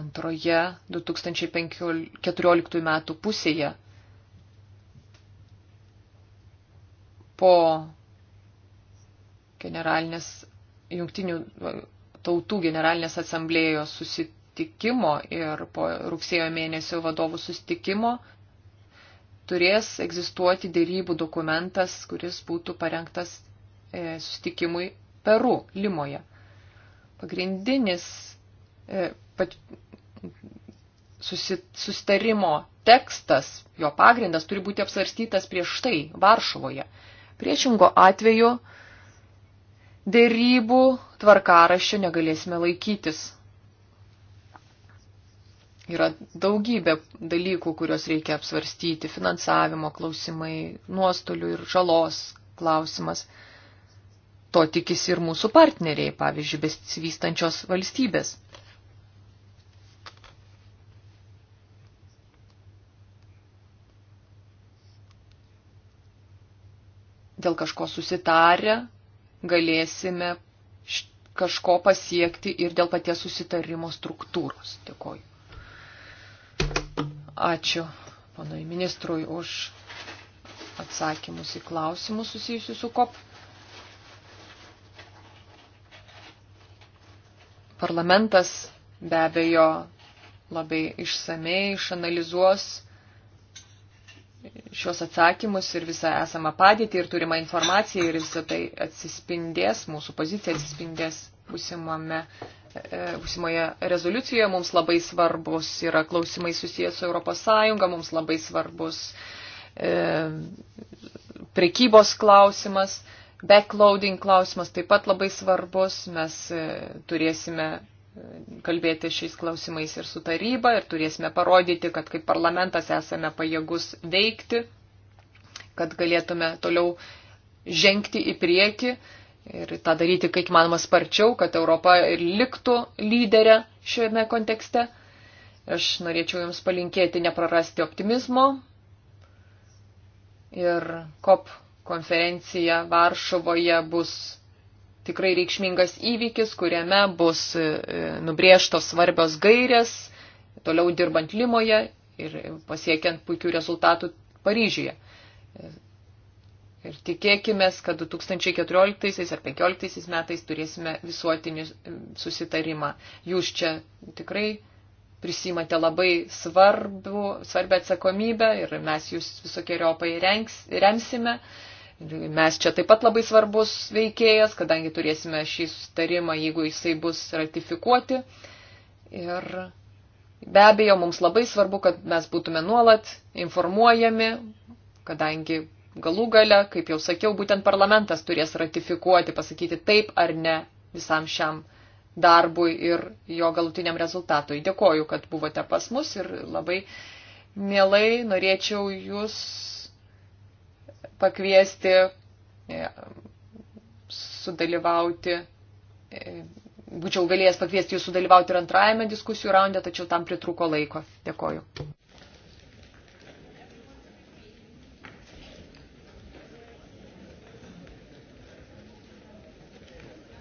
Antroje 2014 metų pusėje po generalinės jungtinių tautų generalinės asamblėjos susitikimo ir po rugsėjo mėnesio vadovų susitikimo turės egzistuoti dėrybų dokumentas, kuris būtų parengtas e, susitikimui Peru, Limoje. Pagrindinis e, pat, susi, susitarimo tekstas, jo pagrindas turi būti apsvarstytas prieš tai Varšuvoje. Priešingo atveju dėrybų tvarkaraščio negalėsime laikytis. Yra daugybė dalykų, kuriuos reikia apsvarstyti - finansavimo klausimai, nuostolių ir žalos klausimas. To tikisi ir mūsų partneriai, pavyzdžiui, besivystančios valstybės. Dėl kažko susitarę galėsime kažko pasiekti ir dėl paties susitarimo struktūros. Dėkoju. Ačiū panui ministrui už atsakymus į klausimus susijusius su COP. Parlamentas be abejo labai išsamei išanalizuos šios atsakymus ir visą esamą padėtį ir turimą informaciją ir visą tai atsispindės, mūsų pozicija atsispindės būsimame, e, būsimoje rezoliucijoje. Mums labai svarbus yra klausimai susijęs su ES, mums labai svarbus e, prekybos klausimas, backloading klausimas taip pat labai svarbus. Mes e, turėsime kalbėti šiais klausimais ir su taryba ir turėsime parodyti, kad kaip parlamentas esame pajėgus veikti, kad galėtume toliau žengti į priekį ir tą daryti kaip manoma sparčiau, kad Europa ir liktų lyderę šiame kontekste. Aš norėčiau Jums palinkėti neprarasti optimizmo ir COP konferencija Varšuvoje bus tikrai reikšmingas įvykis, kuriame bus e, nubrėžtos svarbios gairės, toliau dirbant Limoje ir pasiekiant puikių rezultatų Paryžiuje. Ir tikėkime, kad 2014 ar 2015 metais turėsime visuotinį e, susitarimą. Jūs čia tikrai prisimate labai svarbu, svarbę atsakomybę ir mes jūs visokiojopai remsime. Mes čia taip pat labai svarbus veikėjas, kadangi turėsime šį sustarimą, jeigu jisai bus ratifikuoti. Ir be abejo, mums labai svarbu, kad mes būtume nuolat informuojami, kadangi galų gale, kaip jau sakiau, būtent parlamentas turės ratifikuoti, pasakyti taip ar ne visam šiam darbui ir jo galutiniam rezultatui. Dėkoju, kad buvote pas mus ir labai mielai norėčiau jūs pakviesti e, sudalyvauti, e, būčiau galėjęs pakviesti jūs sudalyvauti ir antrajame diskusijų raunde, tačiau tam pritruko laiko. Dėkoju.